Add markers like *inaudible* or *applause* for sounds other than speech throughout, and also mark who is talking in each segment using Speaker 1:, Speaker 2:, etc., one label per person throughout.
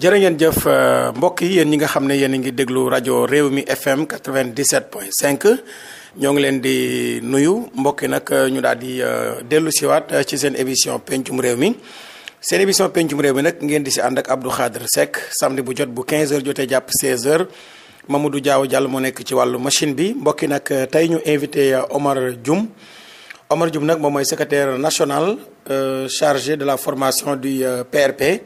Speaker 1: jërë ngeen jëf euh, mbokk yi yéen ñi nga xam ne yéen a ngi déglu rajo réew mi FM 97.5 ñoo ngi leen di nuyu mbokk yi nag euh, ñu daal di euh, dellu siwaat ci seen émission pencum réew mi seen émission pencum réew mi nag ngeen di si ànd ak Abdou Khadre Seck samedi bu jot bu 15h jotee jàpp 16h Mamadou Diaw jàll moo nekk ci wàllu machine bi mbokk yi nag tey ñu invité Omar jum Omar Dioum nag moom mooy secrétaire national chargé de la formation du PRP.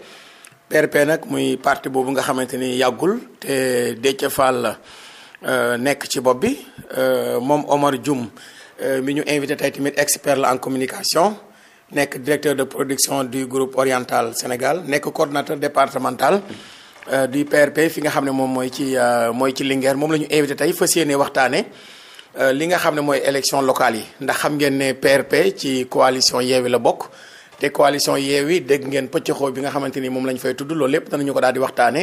Speaker 1: PRP nag muy parti boobu nga xamante ni yàggul te Déthié Fall euh, nekk ci bopp bi euh, moom Omar jum euh, mi ñu invité tey tamit expert la en communication nekk directeur de production du groupe Oriental Sénégal nekk coordonnateur départemental du PRP fi nga xam ne moom mooy ci mooy ci Linguère moom la ñu invité tey fas yéene waxtaane li nga xam ne mooy élection locale yi ndax xam ngeen ne PRP ci coalition yeewi la bokk te coalition Yewwi dégg ngeen pëccëxoo bi nga xamante ni moom lañ fay tudd loolu lépp danañu ko daal di waxtaane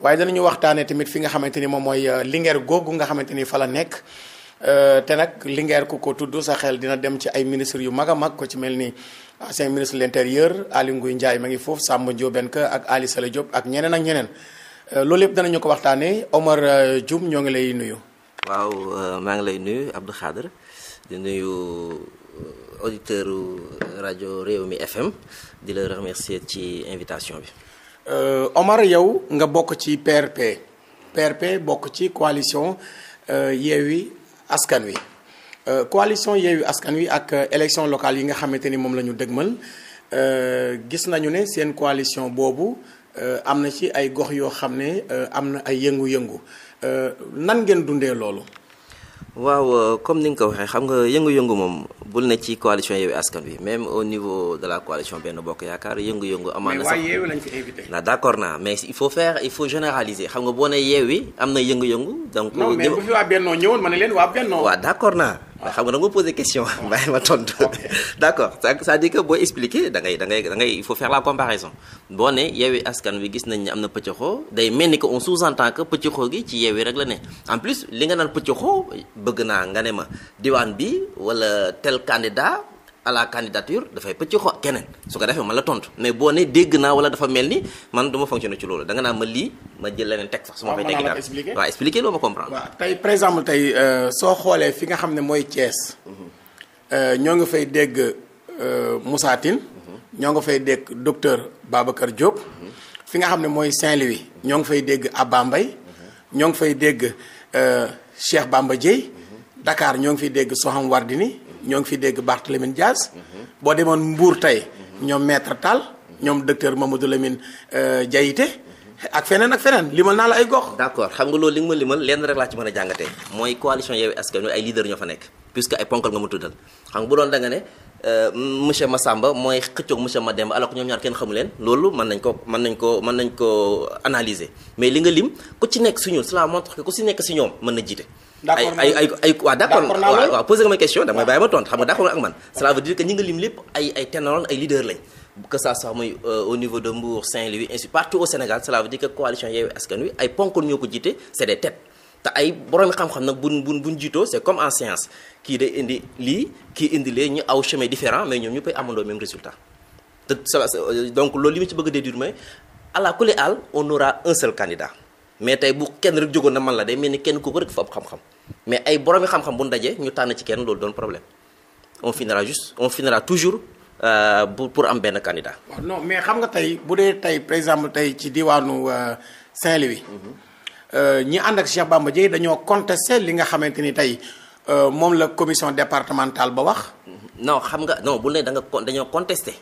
Speaker 1: waaye danañu waxtaane tamit fi nga xamante ni mooy euh, Linguère googu nga xamante ni fa la nekk euh, te nag Linguère ku ko tudd sa xel dina dem ci ay ministres yu mag a mag ko ci mel ni ancien ministre de l'intérieur Aly Ngouille ma ngi foofu sàmm Ndiobène Ka ak Ali Sala Diop ak ñeneen ak ñeneen euh, loolu lépp danañu ko waxtaane Omar Dioum ñoo ngi lay
Speaker 2: nuyu waaw maa ngi lay nuyu Abdou nuyu auditeur rajo mi FM di la remercier ci invitation bi. Euh,
Speaker 1: Omar yow nga bokk ci PRP PRP bokk ci coalition euh, Yewwi Askan Wi euh, coalition Yewwi Askan Wi ak élection locale yi nga xamante ni moom la ñu dëgmal gis nañu ne seen coalition boobu am na ci ay gox yoo xam ne am na ay yëngu-yëngu nan ngeen dundee loolu.
Speaker 2: waaw euh, comme ni nga ko waxee xam nga yëngu-yëngu moom bul ne ci coalition Yewwi Askan Wi même au niveau de la coalition Benno Bokk Yaakaar yëngu-yëngu. amaan na sax mais Yewwi lañ fi invité. non d'accord naa boo ne Yewwi am na yëngu-yëngu. donc non mais bu fi ma ne leen waa Benno. waaw d'accord naa. waaw xam nga da nga posé question. *laughs* *laughs* que boo expliquer da ngay da ngay da ngay il faut faire la comparaison boo ne Yewwi Askan Wi gis nañ ne am na pëcc pëccëxoo day mel ni que on sous-entend que pëccëxoo gi ci Yewwi rek la ne en plus li nga naan pëccëxoo bëgg naa nga ne ma diwaan bi wala tel candidat à la dafay pëcc xo keneen su ko defee ma la tontu mais boo ne dégg naa wala dafa mel ni man duma ma fonctionné ci loolu da nga naa ma lii ma jël leneen teg sax su ma fay teggi daal waaw expliqué loo ma comprendre waaw
Speaker 1: tey par exemple tey euh, soo xoolee fi nga xam ne mooy cees euh, ñoo nga fay dégg euh, Moussa Tine ñoo ngi fay dégg docteur Babacar Diop fi nga xam ne mooy Saint-Louis ñoo ngi fay dégg Abba ñoo ngi fay dégg Cheikh Bamba dakaar ñoo ngi fiy dégg Soham nii ñoo ngi fi dégg Barthélémy Dias boo demoon mbuur tey ñoom maître Tall ñoom docteur Mamadou Lamine euh, Diaité
Speaker 2: ak feneen ak feneen limal naa la ay gox. d'accord xam nga loolu li nga ma limal lenn rek laa ci mën a jàngatee mooy coalition Yewwi Askan Wi ay leader ñoo fa nekk puisque ay ponkal nga ma tuddal xam nga bu doon da nga ne Euh, monsieur Massamba mooy xëccoog monsieur Mademba alors que ñoom ñaar kenn xamu leen loolu mën nañ ko mën nañ ko mën nañ ko analyser mais li nga lim ku ci nekk si ñun cela montre que ku si nekk si ñoom mën na jiite. ay ay ay ay waaw d' accord waaw waaw posé nga ma question damay bàyyi ma tontu xam nga d' accord ak man cela veut dire ay ay ténor lañ que ça soit muy euh, au niveau de Mbour Saint-Louis ainsi partout au Sénégal cela veut coalition Yewwi Askan ay ponkol ñoo ko jiite c' est te ay borom xam-xam nag buñ bu buñ jiitoo c'est comme en science kii day indi lii kii indi lee ñu aw chemin différent mais ñoom ñu koy amandoo même résultat te donc loolu li mu ci bëgg a déduire mooy allah kulli aal on aura un seul candidat mais tey bu kenn rek jógoon na man la de mel ni kenn kooku rek fa ab xam-xam mais ay borom xam-xam bu dajee ñu tànn ci kenn loolu doon problème on finira juste on finira toujours euh, pour pour am benn candidat.
Speaker 1: waaw mais xam nga tey bu dee tey par exemple tey ci diwaanu euh, Saint-Louis. Mm-hmm. Euh, ñi ànd ak Cheikh Bamba Dièye dañoo contesté li nga xamante
Speaker 2: ni tey euh, moom la commission départementale ba wax. Mm-hmm. non xam nga non bu ne da nga con dañoo contesté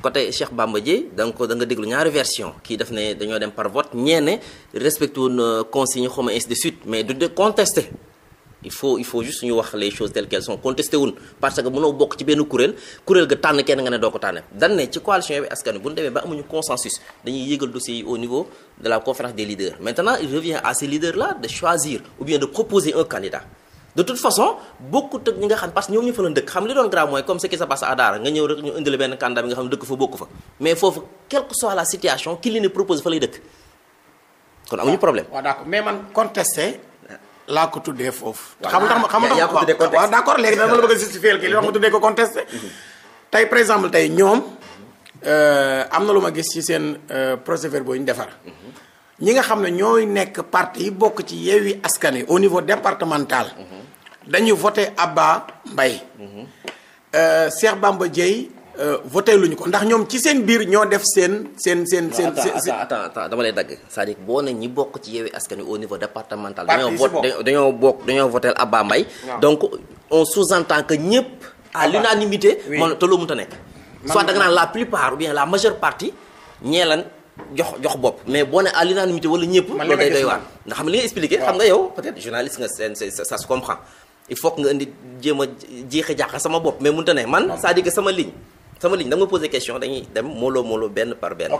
Speaker 2: côté Cheikh Bamba Dièye da ko da nga déglu ñaari version kii def ne dañoo dem par vote ñeene respecté wuñ euh, consigne xaw ma ainsi mais du de contesté. il faut il faut juste ñu wax les choses telles qu'elles sont contesté parce que mënoo bokk ci benn kuréel kuréel ga tànn kenn nga ne doo ko tànn dan ne ci coalition bi bu ñu ba amuñu consensus dañuy yëgal dossier yi au niveau de la conférence des maintenant il revient à ces leaders là de choisir ou bien de proposer un candidat de toute façon bokkut ak ñi nga xam parce que ñoom ñu fa la dëkk xam li doon grave mooy comme ce qui se passe laa ko tuddee
Speaker 1: foofu. xam nga tax ma yaa ko tuddee contesté waaw d' accord léegi dama a justifier ma ko mhm. tey par exemple tey ñoom euh, am na lu ma gis ci seen euh, procès verbaux yi ñu defar. Mhm. ñi nga xam ne ñooy nekk parti yi bokk ci Yewwi Askan Wi au niveau départemental. Mhm. dañu voté Abba Mbaye. Euh, Cheikh Bamba Dièye Euh, voté luñu ko ndax ñoom ci seen biir ñoo def seen seen seen seen attends
Speaker 2: attends dama lay dagg c'est-à-dire boo bokk ci Yewwi Askan Wi au niveau départemental dañoo voté dañoo bokk dañoo voté Abba Mbaye donc on sous-entend que ñëpp à l'unanimité man te loo mënta nekk soit da nga naan la plupart ou la majeure partie ñee jox jox bopp mais boo ne à l'unanimité wala ñëpp loolu day doy waar nga xam ne li peut-être journaliste nga seen ça se comprend il faut que nga indi jéem a jeexe jàqa sama bopp mais mënta ne man saa à sama ligne sama ligne da nga posé question dañuy dem molo molo benn par benn.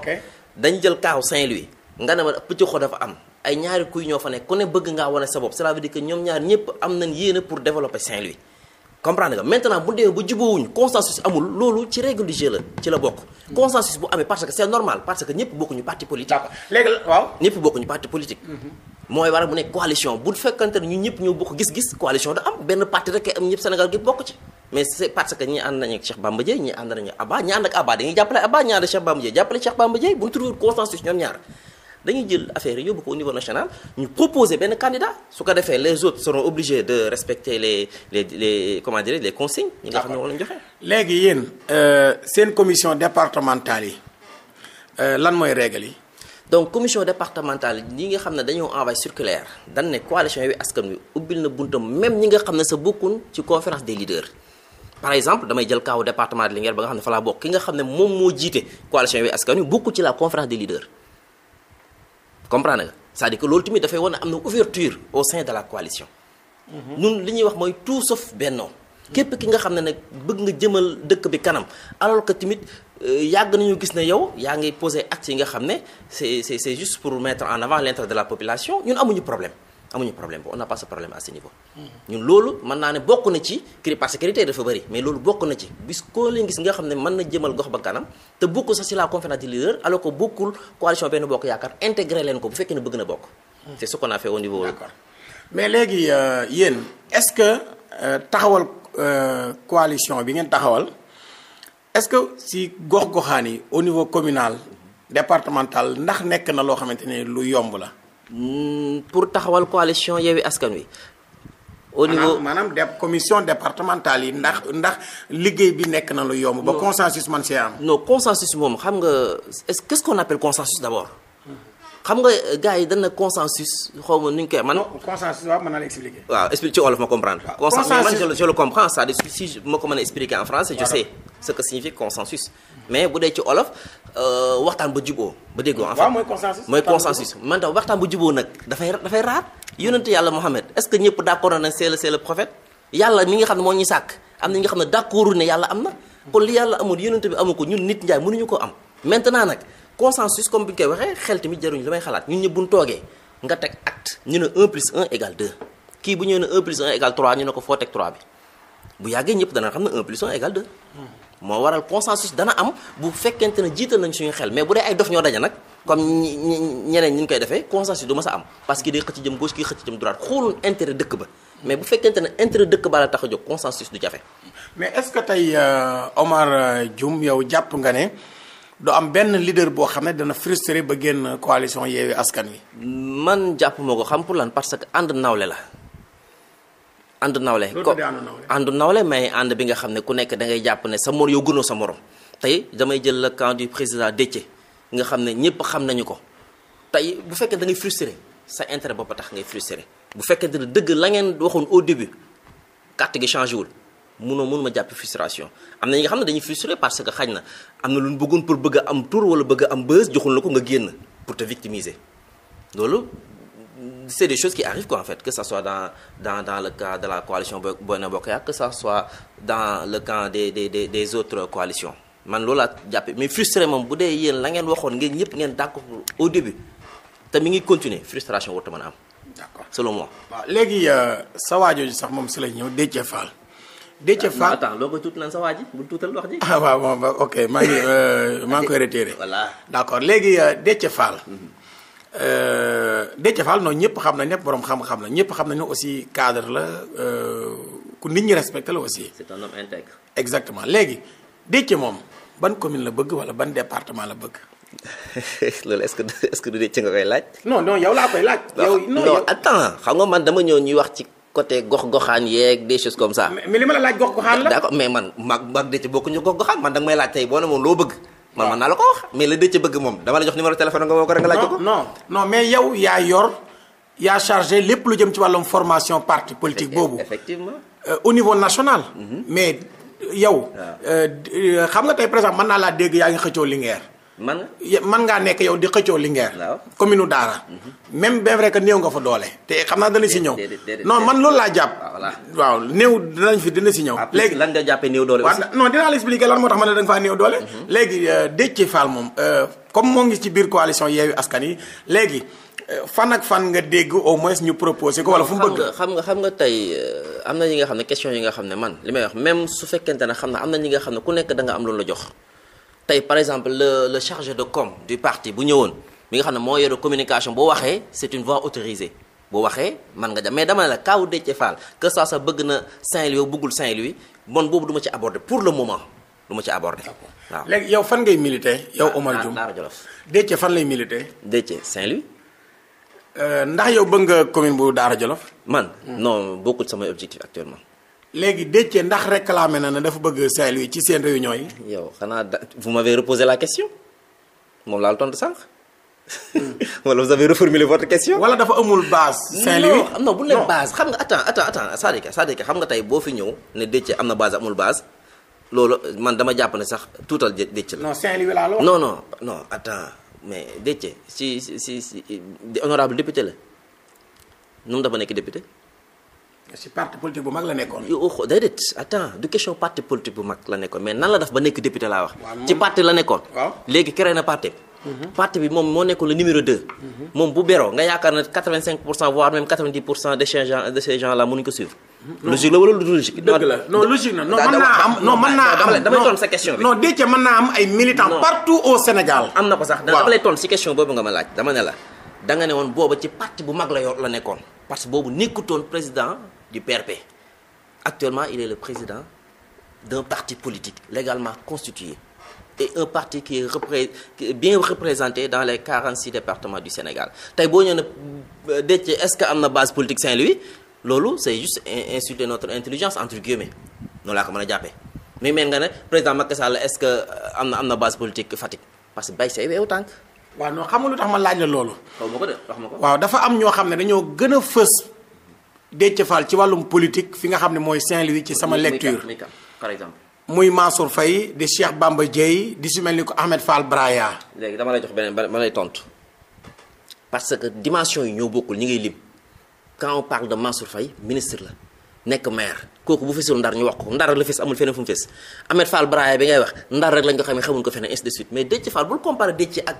Speaker 2: dañ jël kaaw Saint-Louis. nga ne ma pëccëxoo dafa am ay ñaari kuy ñoo fa nekk ku ne bëgg ngaa wane sa bopp cela veut dire que ñoom ñaar ñëpp am nañ yéene pour développer Saint-Louis. comprendre nga maintenant bu demee ba jubóowuñu consensus amul loolu ci règle du jeu la ci la bokk. consensus bu amee parce que c'est normal parce que ñëpp bokkuñu parti politique. d'accord léegi waaw. ñëpp bokkuñu parti politique. Mhm. mooy waral mu nekk coalition bu fekkante ne ñun ñëpp ñoo bokk gis-gis coalition da am benn parti rek am Sénégal gi bokk ci. mais parce que ñi ànd nañu ak Cheikh ñi ànd nañu Abba ñi ànd ak Abba dañuy jàppale Abba ñi ànd ak Cheikh Bamba jàppale Cheikh Bamba bu ñu trouvé dañuy jël affaire yóbbu ko au niveau national ñu proposer benn candidat su ko defee les autres seront obligés de respecter les les les comment dirais les consignes. ñi nga xam ne moom la ñu joxe. Euh, seen commission départementale yi euh, lan mooy règle yi. donc commission départementale ñi nga xam ne dañoo envoyé circulaire dañ ne coalition Yewwi Askan Wi ubbil na buntam même ñi nga xam ne sa bokkun ci conférence des leaders par exemple damay jël kaawu département de Linguère ba nga xam ne fa laa bokk ki nga xam ne moom moo jiite coalition ci la conférence des leaders comprendre nga cest à que loolu tamit dafay wane am na ouverture au sein de la coalition. Mhm. ñun li ñuy wax mooy tout sauf bennoo. képp ki nga xam ne nag bëgg nga jëmal dëkk bi kanam alors que tamit euh, yàgg nañu gis ne yow yaa ngi posé acte yi nga xam ne c'est c'est juste pour mettre en avant l'intérêt de la population ñun amuñu problème. amuñu problème bi on n'a pas ce problème à ce niveau. ñun loolu mën naa ne bokk na ci cri parce que critères dafa bëri mais loolu bokk na ci bis leen gis nga xam ne mën na jëmal gox ba kanam te bokk sax si la conférence des leaders alors que bokkul coalition benn bokk yaakaar intégré leen ko bu fekkee ne bëgg na bokk. Hmm. c'est ce qu'on a fait au niveau. Euh, euh,
Speaker 1: euh, bi ngeen taxawal est-ce que si gox goxaan yi au niveau communal départemental ndax nekk na loo xamante ne lu yomb la. Hmm, pour taxawal coalition Yewwi Askan Wi. au niveau maanaam de commission départementale yi ndax ndax liggéey bi nekk na lu yomb. ba
Speaker 2: consensus man see am. non consensus moom xam nga est-ce qu'est-ce qu'on appelle consensus d'abord. xam nga euh, gars yi dana consensus xaw ma nu ñu koy man. consensus naa la expliquer. waaw explique ci wolof ma comprendre. consensus man ma ko mën a expliquer en français. je sais ce que signifie consensus. mais bu dee ci wolof euh, waxtaan ba juboo ba déggoo. en fait waaw mooy consensus. mooy consensus man tam waxtaan ba juboo nag dafay dafay raar. yónnante yàlla Mohamed est que ñëpp d'accord na c'est le c'est yàlla mi nga xam ne moo ñu sàkk am na ñi nga xam ne d'accord ne yàlla am na kon li yàlla amul yónnante ko ñun nit consensus comme bu ñu koy waxee xel tamit jaruñu li may xalaat ñun ñëpp bu ñu toogee nga teg acte ñu ne 1 plus 1 égale 2 kii bu ñu ne 1 plus 1 égale 3 ñu ne ko foo teg 3 bi bu yàggee ñëpp dana xam ne 1 plus 1 égale 2. moo waral consensus dana am bu fekkente ne jiital nañ suñu xel mais bu dee ay dof ñoo daje nag comme ñi ñeneen ñi ñu koy defee consensus du ma sa am parce que day xëcc jëm gauche kii xëcc jëm droite xoolul intérêt dëkk mais bu fekkente ne intérêt dëkk ba la tax a jóg consensus du jafe.
Speaker 1: mais est-ce que tey euh, Omar euh, Dioum yow jàpp nga ne. du am benn leader boo xam ne dana frustré ba génn
Speaker 2: coalition yeewee askan mi man jàpp moo ko xam pour lan parce que and nawle la. ànd nawle ko ànd nawle mais ànd bi nga xam ne ku nekk da ngay jàpp ne sa mor yow gënoo sa morom tey damay jël la camp du président Déthié nga xam ne ñëpp xam nañu ko tey bu fekkee da ngay frustré sa intérêt bopp tax ngay frustré bu fekkee dina dëgg la ngeen waxoon au début carte gi changé wul. munoo mun ma jàpp frustration am na ñi nga xam ne dañuy frustré que xaj na am na lu ñu bëggum pour bëgg a am tour wala bëgg am buzz joxul la ko nga génn pour te victimiser loolu c'est des choses qui arrivent quoi en fait que ça soit dans dans dans le cas de la coalition Benno Bokk Yaakaar que ça soit dans le camp des des des, coalition man loolu a jàpp mais frustré moom bu dee yéen la ngeen waxoon ngeen ñëpp ngeen dànk au début te mi ngi continuer frustration warut a mën a am. d'accord léegi euh, sa waajooju sax moom la ñëw Déthié Fall. Déthié Fall attends loo koy tuut lan sa waa ji
Speaker 1: maa ngi koy retiré. voilà d' accord léegi euh, Déthié Fall. Mhm. Euh, Déthié Fall noonu ñëpp xam na ne borom xam-xam na ñëpp xam nañ ne aussi cadre la euh, ku nit ñi respecté la aussi. c' est un homme intègre. exactement léegi Déthié moom ban commune la bëgg wala ban département la bëgg.
Speaker 2: *laughs* loolu est-ce que est-ce que du Déthié nga koy laaj. non non yow laa koy laaj. yow non xam nga man dama ñëw ñuy wax ci. côté gox-goxaan yeeg des choses comme ça. mais li ma la laaj gox-goxaan la. d'accord mais man mag mag dëcc bokkuñu gox-goxaan man danga may laaj tey boo ne moom loo bëgg. man man naa la ko wax mais la dëcc bëgg moom dama la jox numéro téléphone nga woo ko rek nga laaj
Speaker 1: ko. non non mais yow yaa yor yaa chargé lépp lu jëm ci wàllum formation parti politique boobu. effectivement euh, au niveau national. Mhm. mais yow. Ah. Euh, euh, xam nga tey par exemple mën naa laa dégg yaa ngi xëccoo Linguère. man man ngaa nekk yow di xëccoo Linguère. waaw commune u Daara. Mhm. même bien vrai que néew nga fa doole. te xam naa dana si ñëw. non man loolu laa jàpp. Ah, waaw néew dinañ fi dina si ñëw. Ah,
Speaker 2: léegi lan nga jàppee néew doole aussi.
Speaker 1: non dinaa la expliquer lan moo tax ma ne da nga faa néew doole. Mhm. léegi euh, Déthié Fall moom. Euh, comme moo ngi ci biir coalition Yewwi Askan yi léegi euh, fan ak fan nga dégg au moins ñu proposé ko wala fu mu bëgg.
Speaker 2: xam nga xam nga tey am na ñi nga xam ne question yi nga xam ne man li may wax même su fekkente ne xam na am na ñi nga xam ne ku nekk da am loolu la jox tey par exemple le le chargé de com du parti bu ñëwoon mi nga xam ne moo yore communication boo waxee c'est une voix autorisée boo waxee man nga dem mais dama ne la kaaw Déthié Fall que ça sa bëgg na Saint-Louis ou bëggul Saint-Louis bon boobu du ci aborde pour le moment duma ci aborder. waaw léegi yow fan ngay militer. yow ah, Omar ah, Dioum Daara Jolof fan lay militer. Déthié
Speaker 1: Saint-Louis. Euh, ndax yow bëgg nga commune bu Daara Jolof. man non bokkul
Speaker 2: samay objectif actuellement. léegi Déthié ndax réclamé na ne dafa bëgg Saint-Louis ci seen réunion yi. yow xanaa da vous m'avez reposé la question moom laal tontu sànq. Hmm. *laughs* wala vous avez reformulé votre question. wala dafa amul base. Saint-Louis non bu leen base xam nga attends attends attends Sadika Sadika xam nga tey boo fi ñëw ne Déthié am na base amul base loolu man dama jàpp ne sax tuutal Déthié la. non Saint-Louis laa la non non non attends mais Déthié si si si honorable député la nu mu dafa nekk député. si oh, parti politique bu mag la nekkoon. mais nan la def ba nekk député laa wax. ci parti la nekkoon. léegi créé na mhm. parti. bi moom moo nekkoon le numéro 2. Mhm. moom bu beroo nga yaakaar ne 85 pour cent voire même 90 pour cent de ces gens de ces gens là ko suivre. Mhm. logique la wala lu dul logique. dëgg na non mën
Speaker 1: naa am non mën naa am damay tontu sa question bi. non Déthié mën naa am ay militants partout au Sénégal. am na ko sax
Speaker 2: dama du PRP. Actuellement, il est le président d'un parti politique légalement constitué et un parti qui est, repré... qui est bien représenté dans les 46 départements du Sénégal tey boo ñëw ne Déthié est-ce que am na base politique Saint-Louis loolu c'est juste insulter notre intelligence entre guillemets noonu laa ko mën a jàppee mais mel nga ne président Macky Sall est que euh, am na am na base politique Fatick parce que bay say weewu tànk waaw non xam lu tax ma laaj la
Speaker 1: loolu. Déthié Fall ci wàllum politique fi nga xam ne mooy Saint-Louis ci sama lecture par exemple muy Mansour Faye di
Speaker 2: Cheikh Bamba Dièye di si mel ni ko Ahmed Fall Braya. léegi dama lay jox beneen ma lay tontu parce que dimension yi ñoo bokkul ñi ngay lim quand on parle de Mansour Faye ministre la nekk maire kooku bu fesul ndar ñu wax ko ndar la fes amul feneen fu mu fes Ahmed Fall Braya bi ngay wax ndar rek lañ ko xamee xamuñ ko feneen ainsi de suite mais Déthié Fall bul comparer Déthié ak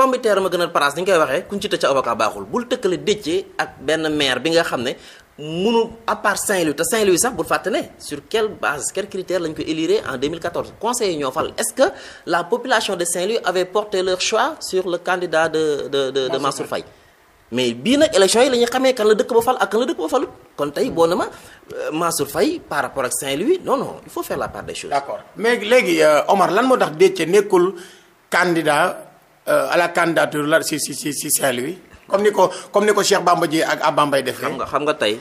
Speaker 2: pomme de terre ma gën a paraas ni ñu waxee kuñ ci ca avocat baaxul bul tëkkale Déthié ak benn maire bi nga xam ne munu à Saint-Louis te Saint-Louis sax bul fàtte ne sur quelle base quel critère lañ ko élire en 2014 conseillers ñoo fal est-ce que la population de Saint-Louis avait porté leur choix sur le candidat de de de de Mansour mais bii nag élection yi la xamee kan la dëkk ba fal ak kan la dëkk ba falut kon tey boo na ma euh, Mansour Faye la part des choses. d'accord
Speaker 1: mais léegi euh, Omar
Speaker 2: Euh, à la candidature la si si si si Saint-Louis comme ni ko comme ni ko Cheikh Bamba Dièye ak Abba Mbaye def xam nga xam nga tey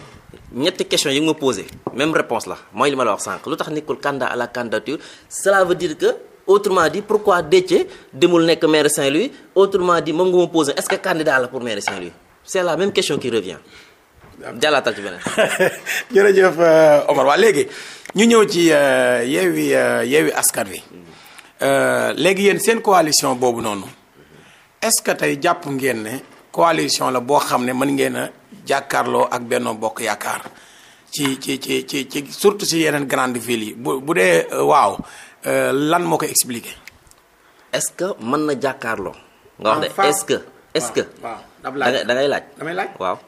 Speaker 2: ñetti question yi nga ma posé même réponse la mooy li ma la wax sànq lu tax nekkul candidat à la candidature cela veut dire que autrement dit pourquoi Déthié demul nekk maire Saint-Louis autrement dit moom nga ma posé est-ce que candidat la pour maire Saint-Louis c'est la même question qui revient. jàllaatal ci beneen.
Speaker 1: *laughs* jërëjëf euh, Omar waa léegi ñu ñëw ci euh, Yewwi Yewwi Askan Wi léegi yéen seen coalition boobu noonu. est-ce que tey jàpp ngeen ne coalition la boo xam ne mën ngeen a jàkkaarloo ak Benno Bokk Yaakaar ci ci ci ci ci surtout si yeneen grand villes yi bu bu dee euh, waaw euh, lan moo ko expliquer. est-ce que mën na jàkkaarloo.
Speaker 2: nga wax de est-ce que est-ce que. waaw da ngay da laaj. damay laaj waaw.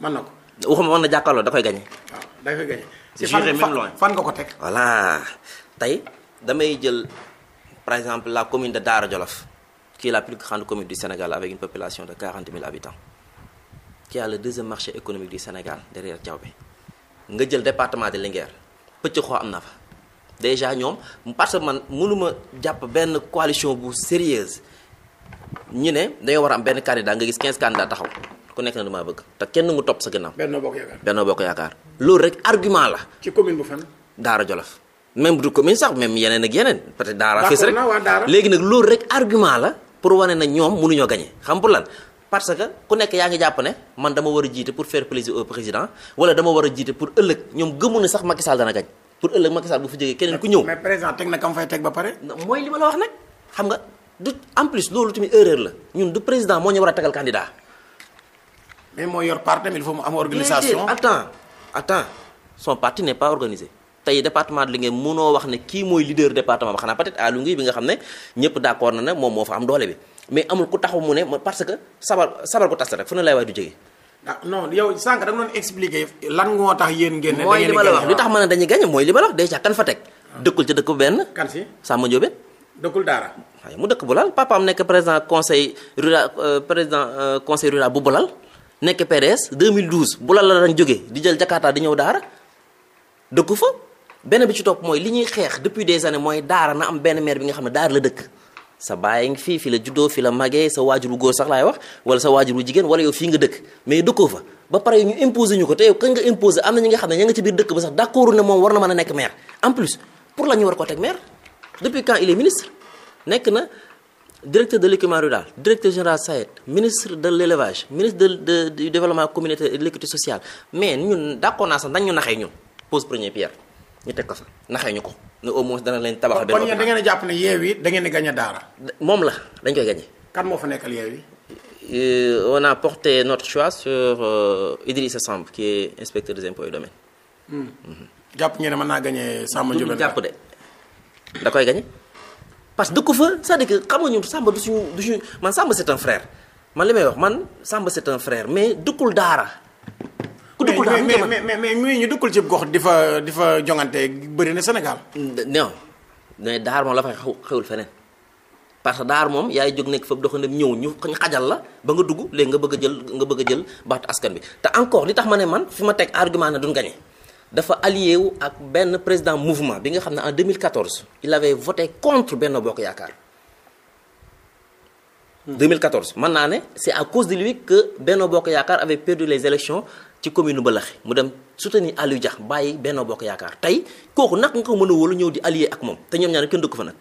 Speaker 2: mën na ko. waxuma mën na jàkkaarloo da koy gagné. waaw
Speaker 1: da koy gagné. fan nga ko teg.
Speaker 2: voilà tey damay jël par exemple la commune de Daara Jolof. qui est la plus grande commune du Sénégal avec une population de 40 000 habitants qui a deuxième marché économique du Sénégal derrière Diaobé nga jël département de Linguère pëcc xoo am na fa déjà ñoom parce que man mënuma jàpp benn coalition bu sérieuse ñu ne dañoo war a am benn candidat nga gis 15 candidats taxaw ku nekk na damaa bëgg te kenn mu topp sa gannaaw.
Speaker 1: Benno Bokk Yaakaar
Speaker 2: Benno Bokk Yaakaar. loolu rek argument la. ci commune bu fan. Daara Jolof même du commune sax même léegi nag loolu rek argument la. pour wane na ñoom munuñoo gagné xam pour lan parce que ku nekk yaa ngi jàpp ne man dama war a jiite pour faire plaisir au président wala dama war a jiite pour ëllëg ñoom gëmu ne sax Macky Sall dana gañ pour ëllëg Macky Sall bu fi jógee keneen ku ñëw. mais président teg na kam fay teg ba pare. mooy li ma la wax nag xam nga du en plus loolu tamit erreur la ñun du président moo ñu war a tegal candidat. mais moo yor parti tamit il faut mu am organisation. attends attends son parti n'est pas organisé. tey département de Linguère mënoo wax ne kii mooy leader département ba xanaa peut-être à Linguère bi nga xam ne ñëpp d'accord na ne moom moo fa am doole bi mais amul ku taxaw mu ne parce que sabar sabar ko tas rek fu ne lay waay du jege.
Speaker 1: ah da nga lan moo tax yéen génne. da mooy li ma la wax li tax
Speaker 2: ma ne dañuy gagné mooy li ma la wax déjà kan fa teg. Ah. dëkkul ca dëkk bu benn. kan si Samba dëkkul Daara. mu dëkk bu lal papaam nekk président conseil rural euh, euh, bu Bolal nekk PDS 2012 la daan jógee di jël Jakarta di ñëw benn bi ci topp mooy li ñuy xeex depuis des années mooy daara na am benn maire bi nga xam ne daara la dëkk sa baay ngi fii fi la juddoo fi la magee sa waajuru góor sax laay wax wala sa waajuru jigéen wala yow fii nga dëkk mais dëkkoo fa ba pare ñu imposé ñu ko te yow kañ nga imposé am na ñi nga xam ne ña nga ci biir dëkk ba sax d'accord ne moom war na mën a nekk maire en plus pour la ñu war ko teg maire depuis quand il est ministre nekk na directeur de l'équipement rural directeur général SAED ministre de l'élevage ministre de de du développement communautaire et de l'équité sociale ñu naxee ñun pose première ñu teg ko fa naxee ñu ko ne au moins dana leen tabax. benn kon yéen da
Speaker 1: ngeen a jàpp ne Yewwi da ngeen di gañ a daara.
Speaker 2: moom la dañ koy gañe.
Speaker 1: kan moo fa nekkal Yewwi.
Speaker 2: on a porté notre choix sur euh, Idrissa Samb qui est inspecteur des impôts et domaines. Hmm. jàpp ngeen ne mën naa gañe Samba Ndiobène du jàpp de da koy gañe parce que dëkku fa sa à dire que xam nga ñun du suñu du suñu man Samba c'est un man li may wax man Samba c'est un mais dëkkul daara. ku dëkkul daal mais mais mais mais mais ñu dëkkul ci gox di fa di fa joŋante bëri na Sénégal. non mais daar moom la fay xaw xewul feneen parce que daar moom yaay jóg nekk foofu doxandam ñëw ñu xajal la ba nga dugg léegi nga bëgg a jël nga bëgg a jël baatu askan bi te encore li tax ma ne man fi ma teg argument na duñ gagné. dafa allié wu ak benn président mouvement bi nga xam ne en 2014 il avait voté contre Benno Bokk Yaakaar. 2014 mën naa ne c'est à cause de lui que Benno Bokk Yaakaar avait perdu les élections ci commune Mbalaxe mu dem soutenir Aliou jax bàyyi Benno Bokk Yaakaar tey kooku nag nga ko mën a wóolu ñëw di allié ak moom te ñoom ñaar kenn dëkk fa nag.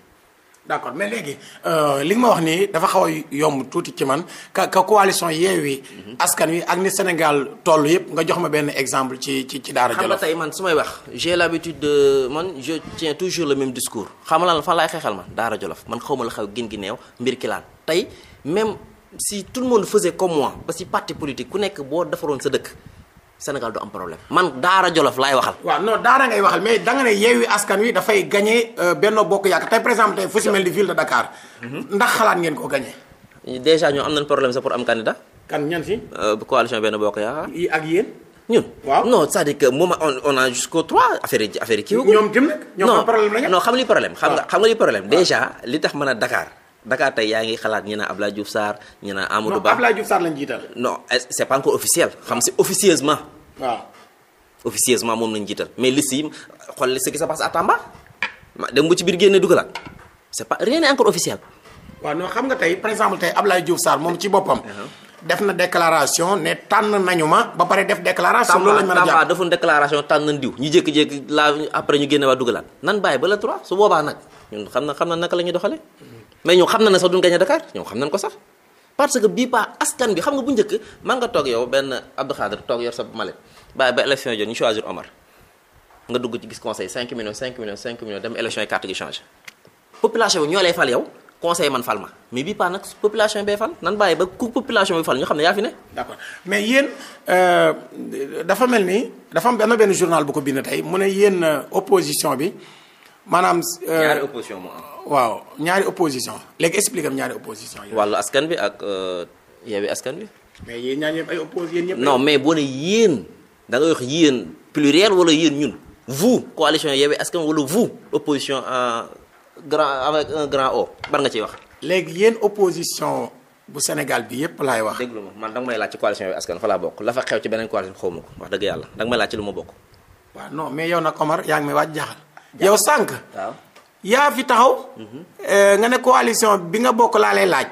Speaker 2: d'accord mais léegi euh, li nga ma wax nii dafa xaw a
Speaker 1: yomb tuuti ci man ka ka coalition Yewwi mhm. askan wi ak ni Sénégal toll yëpp nga jox
Speaker 2: ma benn exemple ci ci ci Daara Jolof. xam nga tey man su may wax j'ai l'habitude de man je tiens toujours le même discours xam nga fan laay xeexal ma Daara Jolof man xaw ma la xaw gin gi neew mbir ki laan tey même si tout le monde faisait comme moi ba si parti politique ku nekk boo defaroon sa dëkk. Sénégal du am problème man Daara Jolof laay waxal. waa non Daara ngay waxal mais danga ne yeewi askan wi dafay
Speaker 1: gagné euh, benn Bokk Yaakaar tey par exemple tey fu si mel ni ville de Dakar. Mhm. ndax xalaat ngeen ko gagné.
Speaker 2: déjà ñoo am nañ problème sax pour am candidat. kan ñan si. Euh, coalition Benno Bokk Yaakaar. yi ak yéen. ñun waaw non c'est-à-dire que moom on on a jusqu'au trois affaire yi affaire yi kii. ñoom ñoom problème la ñu. xam li problème. xam nga ah. xam nga li problème ah. déjà li tax mën a Dakar. Dakar tey yaa ngi xalaat ñu naan Abdoulaye Diouf Sarr ñu naan Ba non Abdoulaye Diouf Sarr lañ jiital. non c' est pas encore officiel xam si officieusement. waaw officieusement moom lañ jiital mais liste yi xool ce qui se passe à Tamba dem ba ci biir génne dugalaat c' est pas rien n'est encore officiel. waaw non xam nga tey par exemple tey
Speaker 1: Abdoulaye Diouf Sarr moom ci boppam. Uh-huh. def na déclaration ne tànn nañu ma ba pare def déclaration. loolu
Speaker 2: lañ mën diw. ñu jékki-jékki laa après ñu génne waa dugalaat nan bàyyi ba la trois su boobaa nag ñun xam na xam na naka la ñuy doxalee. mais ñoom xam na ne sax duñ gagné Dakar ñoom xam nañ ko sax parce que bii pas askan bi xam nga bu njëkk man nga toog yow benn Abdou Khadre toog yor sa malet ba ba élection yi jot ñu nga dugg ci gis conseil 5 millions 5 millions 5 millions dem élection yi carte gi changé population bi ñoo lay fal yow conseil man fal ma mais bii pas nag population bay fal nan bàyyi ba ku population bi fal ñu xam ne yaa fi ne. Euh,
Speaker 1: dafa mel ni dafa am benn benn journal bu ko bind tey mu ne yéen euh, opposition bi maanaam. Euh, ñaari waaw ñaari opposition léegi expliqué am ñaari opposition
Speaker 2: yi. wàllu askan bi ak euh, yeewi askan bi. mais yéen ñaar ñëpp ay opposé yéen ñëpp. non mais boo ne yéen da nga wax yéen pluriel wala yéen ñun. vous coalition yeewi askan wala vous opposition en grand avec un grand O bar nga ciy wax. léegi yéen opposition bu Sénégal bi yépp laay wax. déglu ma man danga may laaj ci coalition yeewi laa bokk la fa xew ci beneen coalition xaw ma ko wax dëgg yàlla danga may laaj lu ma bokk.
Speaker 1: mais yow nag Omar yaa ngi may waaj jaaxal. yow sànq. yaa fi taxaw. Eh, nga ne coalition bi nga bokk laa lay laaj.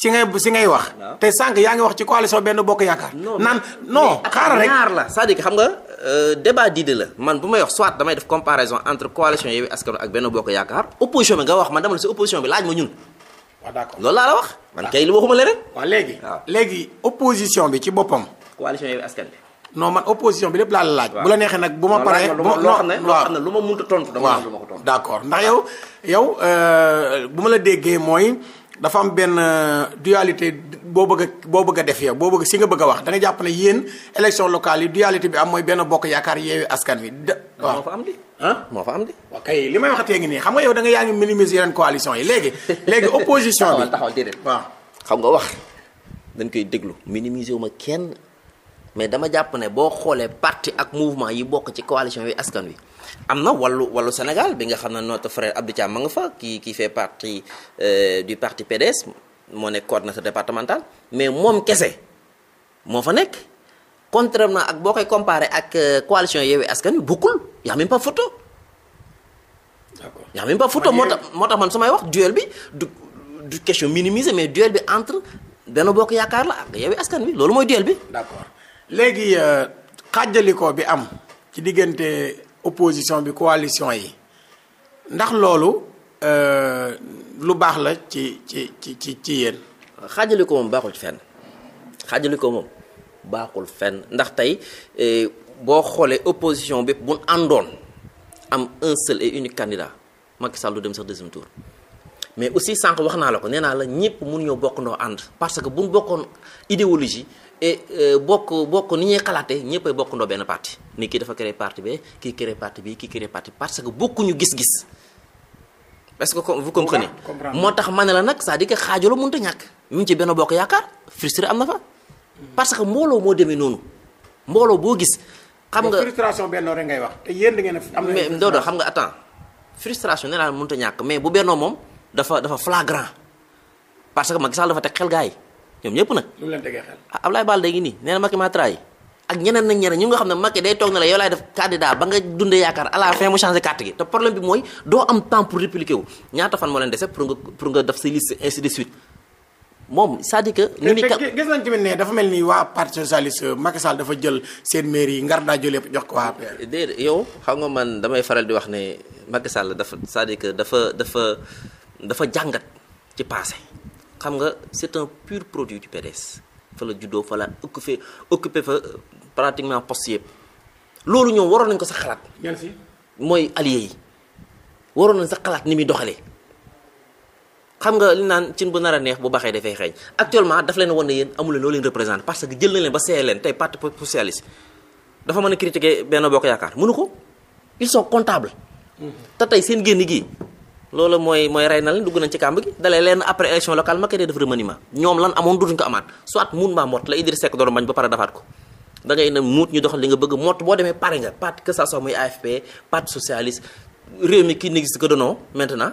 Speaker 1: si ngay si ngay wax. te sànq yaa ngi wax ci coalition benn bokk yaakaar. naan non xaaral rek ñaar
Speaker 2: la cest xam nga euh, débat d'idée la. man bu may wax soit damay def comparaison entre coalition Yewwi Askan ak benn bokk yaakaar. opposition bi nga wax man dama la si opposition bi laaj ma ñun. loolu laa la wax. man kay li waxuma leneen. waaw léegi. waaw léegi opposition bi ci boppam. coalition Yewwi Askan bi. non
Speaker 1: man opposition bi lépp laa la laaj. bu la neexee nag bu ma paree. bu ma loo xam ne loo xam
Speaker 2: ne lu ma mënta tontu. dama ma ko tontu
Speaker 1: d'accord ndax yow yow euh, bu ma la déggee mooy dafa am benn euh, dualité boo bëgg boo bëgg def yow boo bëgg si nga bëgg wax da jàpp ne yéen élection locale yi dualité bi am mooy benn bokk yaakaar yeewi askan wi. waaw moo fa am di. ah moo fa am di. ok li may waxatee ngi nii xam nga yow da nga yaa ngi minimiser yeneen coalition yi léegi. *laughs* léegi opposition bi taxawal taxawal déedéet. waaw
Speaker 2: xam nga wax dañ koy déglu minimiser wu ma kenn mais dama jàpp ne boo xoolee parti ak mouvement yi bokk ci coalition bi askan wi am na wallu wàllu Sénégal bi nga xam ne notre frère Abdou Thiam ma nga fa kii kii fait partie euh, du parti PDS moo na sa départemental mais moom kese moo fa nekk contrairement ak boo koy comparé ak euh, coalition Yewwi Askan Wi bokkul yaa même pas photo d'accord yaa même pas photo moo tax moo tax man su may wax duel bi du du question minimisée mais duel bi entre Benno Bokk Yaakaar la ak Yewwi Askan Wi loolu mooy duel bi léegi euh,
Speaker 1: xàjjalikoo bi am ci diggante opposition bi coalition yi
Speaker 2: ndax loolu euh, lu baax la ci ci ci ci ci yéen. xàjjalikoo moom baaxul ci fenn xàjjalikoo moom baaxul fen ndax tey euh, boo xoolee opposition bi bu àndoon am un seul et unique candidat Macky sax deuxième tour. mais aussi sànq wax naa la ko nee naa la ñëpp mun ñoo bokk ndoo ànd parce que buñ bokkoon idéologie. et euh, bokk bokk ni ñuy xalaatee ñëppay bokk ndoo benn parti ni kii dafa créé parti bi kii créé parti bi kii créé parti parce que bokkuñu gis-gis est-ce que vous comprenez moo tax ma ne la nag c'est-à-dire que xaajaloo mënut a ñàkk ñu ngi ci benn bokk yaakaar frustré am na fa parce que mbooloo moo demee noonu mbooloo boo gis xam nga frustration bennoo rek ngay wax te yéen da ngeen am mais doo xam nga attends frustration nee naa mënut a ñàkk mais bu bennoo moom dafa dafa flagrant parce que Macky Sall dafa teg xel gars yi ñoom ñëpp nag. lu mu leen tegee xel ah Ablaye ngi nii nee na Macky maa ak ñeneen nag ñeneen ñu nga xam ne Macky day toog na la yow laay def candidat ba nga dundee yaakaar à la fin mu changé carte gi te problème bi mooy doo am temps pour répliquer wu ñaata fan moo leen dese pour nga pour nga def sa liste de suite moom c'est-à-dire que. ñu ni gis nañ tamit ne dafa
Speaker 1: mel ni waa parti socialiste Macky Sall dafa jël seen
Speaker 2: mairie yi ngar daa jël yëpp jox ko waa APR. déedéet yow xam nga man damay faral di wax ne Macky Sall dafa cest que dafa dafa dafa jàngat ci passé. xam nga c'est un pur produit du PDS fa la juddoo fa la occupé occupé fa euh, pratiquement poste yëpp loolu ñoom waroon nañ ko sa xalaat. merci mooy allié yi waroon nañ sa xalaat ni muy doxalee xam nga li naan cin bu nar a neex bu baxee dafay xeeñ actuellement daf leen won ne yéen amu leen loo leen représente parce que jël na leen ba seeyal leen tey parti socialiste dafa mën a critiquer benn bokk yaakaar mënu ko ils sont comptables. Mm-hmm. te tey seen génn gi loolu mooy mooy rey na leen dugg nañ ci kàmb gi dalee leen après élection locale ma koy def remaniement ñoom lan amoon dutuñ ko amaat soit muun mbaa mott la Idriss Seck doon bañ ba pare dafaat ko da ngay ne muut ñu doxal mi kii n'existe que de nom maintenant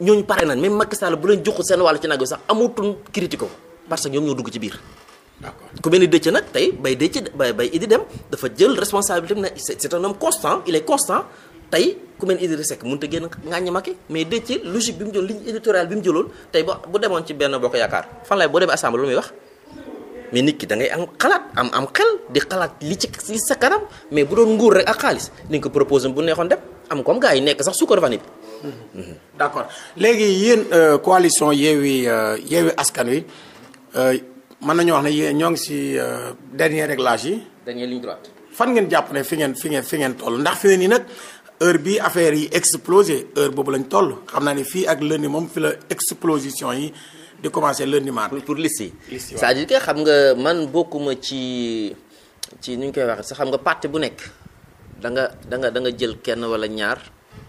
Speaker 2: ñooñu pare nañ même Macky Sall bu leen joxul seen wàllu ci nag yi sax amutuñ critique ko parce que ñoom ñoo dugg ci biir. d'accord ku mel ni Déthié tey bay Déthié bay bay dem dafa jël responsabilité ne c'est un homme constant il est tey ku mel ni Idrissa Seck mënut a génn ngàññ Macky mais Déthié logique bi mu jël ligne éditoriale bi mu jëloon tey bu demoon ci benn bokk yaakaar fan lay boo demee assemblée lu muy wax mais nit ki da ngay am xalaat am am xel di xalaat li ci li sa kanam mais bu doon nguur rek ak xaalis ni ko proposé bu neexoon dem am comme gars yi nekk sax sukkar vanit d'accord léegi yéen euh, coalition
Speaker 1: Yewwi euh,
Speaker 2: Yewwi Askan Wi
Speaker 1: euh, mën nañu wax ne yéen ñoo ngi si dernier réglage yi. dernier ligne droite. fan ngeen jàpp ne fi ngeen fi ngeen fi ndax nii nag. heure bi affaire yi explosé heure boobu lañu toll xam naa ne fii ak lundi moom fi la explosion yi di commencé lundi mardi
Speaker 2: pour liste yi cest à xam nga man bokkuma ci ci nu ñu koy waxee sax xam nga parti bu nekk da nga da nga da nga jël kenn wala ñaar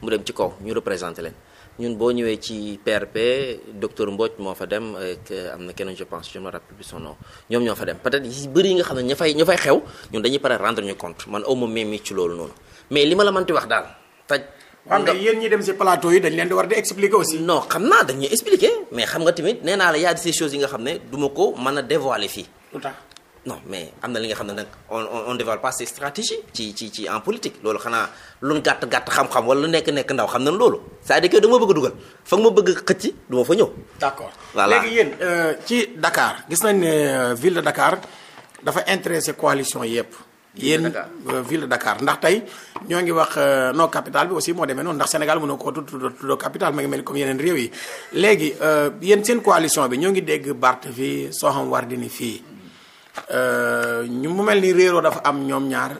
Speaker 2: mu dem ci kaw ñu représenté leen ñun boo ñëwee ci PRP docteur Mbodj moo fa dem ak am na keneen je ñoo fa dem peut-être ne ña fay fay xew ñun dañuy pare rendre ñu compte man aw ma même loolu noonu mais li ma la mënti wax daal taj. nga yéen ñi dem ci plateau yi dañ leen di war di expliquer aussi. non xam naa dañuy expliquer mais xam nga tamit nee naa la yaa di ces choses yi nga xam ne duma ko mën a dévoiler fii. tout à mais am na li nga xam ne nag on on dévoile pas ces stratégies ci ci ci en politique loolu xanaa lu gàtt gàtt xam wala lu nekk nekk ndaw xam na loolu c'est-à-dire que bëgg dugal fa ma bëgg xëcc du ma fa ñëw. d'accord voilà léegi yéen euh, ci
Speaker 1: dakaar gis nañ ne euh, ville de Dakar dafa intéressé coalition yépp yéen euh, ville de Dakar ndax tey ñoo ngi wax euh, non capital bi aussi moo demee noonu ndax Sénégal mënoo koo tudd tudd capital ma ngi mel comme yeneen réew yi léegi euh, yéen seen coalition bi ñoo ngi dégg Barth fii Soham Wardini fii ñu mu mel ni réeroo dafa am ñoom ñaar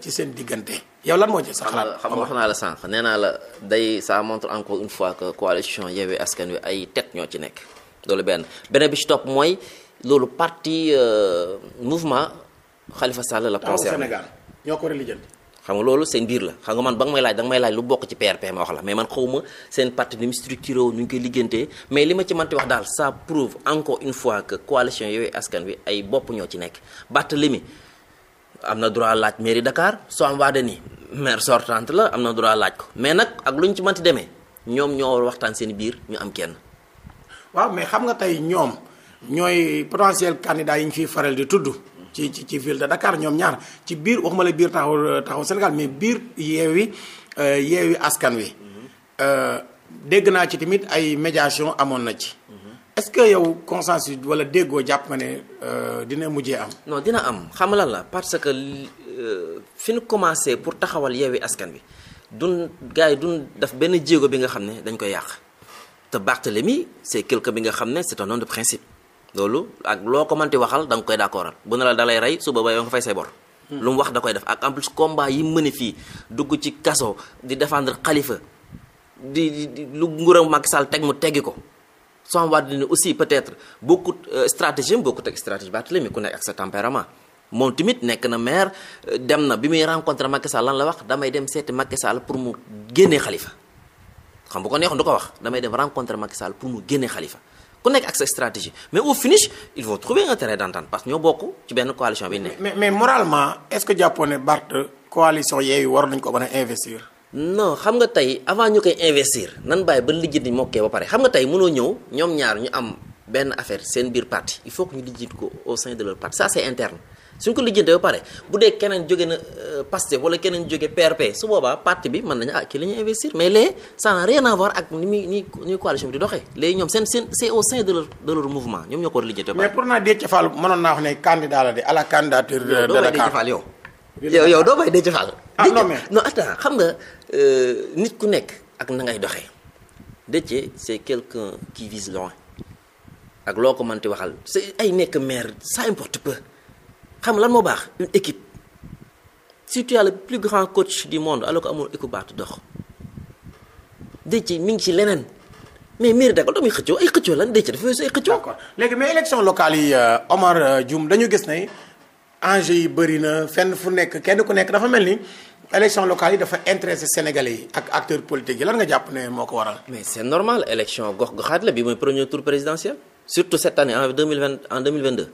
Speaker 1: ci seen diggante yow lan moo ci sa xalaat xam nga wax
Speaker 2: naa la sànq nee naa la day ça montre encore une fois que coalition Yewwi Askan Wi ay tête ñoo ci nekk loolu benn beneen bi ci topp mooy loolu parti mouvement Khalifa Sall la concerné a lijjanti xam nga loolu seen biir la xam nga man ba nga may laaj da nga may laaj lu bokk ci PRP ma wax la mais man xaw ma seen parti ni mu structuré wu nu ñu koy liggéeyantee mais li ma ci mënti wax daal ça prouve encore une fois que coalition yooyu askan wi ay bopp ñoo ci nekk Barthélémy am na droit laaj mairie Dakar Soham Wardini maire sortante la am na droit laaj ko mais nag ak lu ñu ci mënti demee ñoom ñoo war waxtaan seen biir ñu am kenn.
Speaker 1: waaw mais xam nga tey ñoom ñooy potentiel candidat di tudd. ci ci ville de Dakar ñoom ñaar ci biir waxuma la biir taxaw euh, taxaw Sénégal mais biir yeewi euh, yeewi askan wi mhm. euh, dégg naa ci tamit ay médiation amoon na ci. Mhm. est-ce que yow consensus wala
Speaker 2: déggoo jàpp nga ne dina mujjee am. non dina am xam la parce que fi nu commencé pour taxawal yeewi askan wi dun gars yi dun daf benn jéego bi nga xam ne dañ koy yàq te Barthélemy c'est quelqu'un bi nga xam ne c'est un homme de principe. loolu ak loo ko mënti waxal da koy d'accordal bu ne la da lay rey suba ba yow nga fay say hmm. lu mu wax da koy def ak en plus combat yi mu fii dugg ci kaso di défendre Khalifa di di lu nguuram Macky Sall teg mu teg ko. Soham Wardini aussi peut-être bokkut euh, stratégie am bokkut ak stratégie Barthélémy ku nekk ak sa tempérament. moom tamit nekk na maire euh, dem na bi muy rencontré Macky lan la wax damay dem seeti Macky pour mu génnee xalifa xam bu ko neexoon du ko wax damay dem rencontré Macky pour mu génnee Khalifa. ku nekk ak sa stratégie mais au finish ils vont trouver un terrain d'entente parce que ñoo bokk ci benn coalition bi nekk.
Speaker 1: mais mais moralement est-ce que jàppoon ne
Speaker 2: Barth coalition Yewwi war nañ ko mën a investir. non xam nga tey avant ñu koy investir nan bàyyi ba lijjit ni mokkee ba pare xam nga tey mënoo ñëw ñoom ñaar ñu am benn affaire seen biir parti il faut que ñu lijjit ko au sein de leur parti ça c'est interne. suñ ko lijjantee ba pare bu dee keneen jóge na euh, Pastef wala keneen jóge PRP su boobaa parti bi mën nañu ah kii la ñuy investir mais léegi ça n'a rien à ni doxee léegi ñoom seen seen c'est au sein de leur de leur mouvement ñoom a lijjantee ba pare. mais pour naa Déthié Fall mënoon naa xam nga euh, nit ku nekk ak na ngay doxee Déthié c'est quelqu'un qui vise loin ak loo ko mënti waxal c'est ay nekk maire ça importe peu. xam lan moo baax une équipe si tu as le plus grand coach du monde alors que amul équipe baax dox dëcc mi ngi ci leneen mais mairie Dakar da muy xëccoo ay xëccoo lan dëcc dafa yooyu ay xëccoo. léegi mais élection
Speaker 1: locale yi euh, euh, gis ne enjeu yi bëri na fenn nekk kenn ku nekk dafa mel ni élection locale yi dafa intéressé sénégalais yi ak acteurs politiques yi lan nga jàpp ne moo
Speaker 2: ko waral. mais c'est normal élection gox goxaat la bi mooy premier tour présidentiel surtout cette année en 2020 en 2022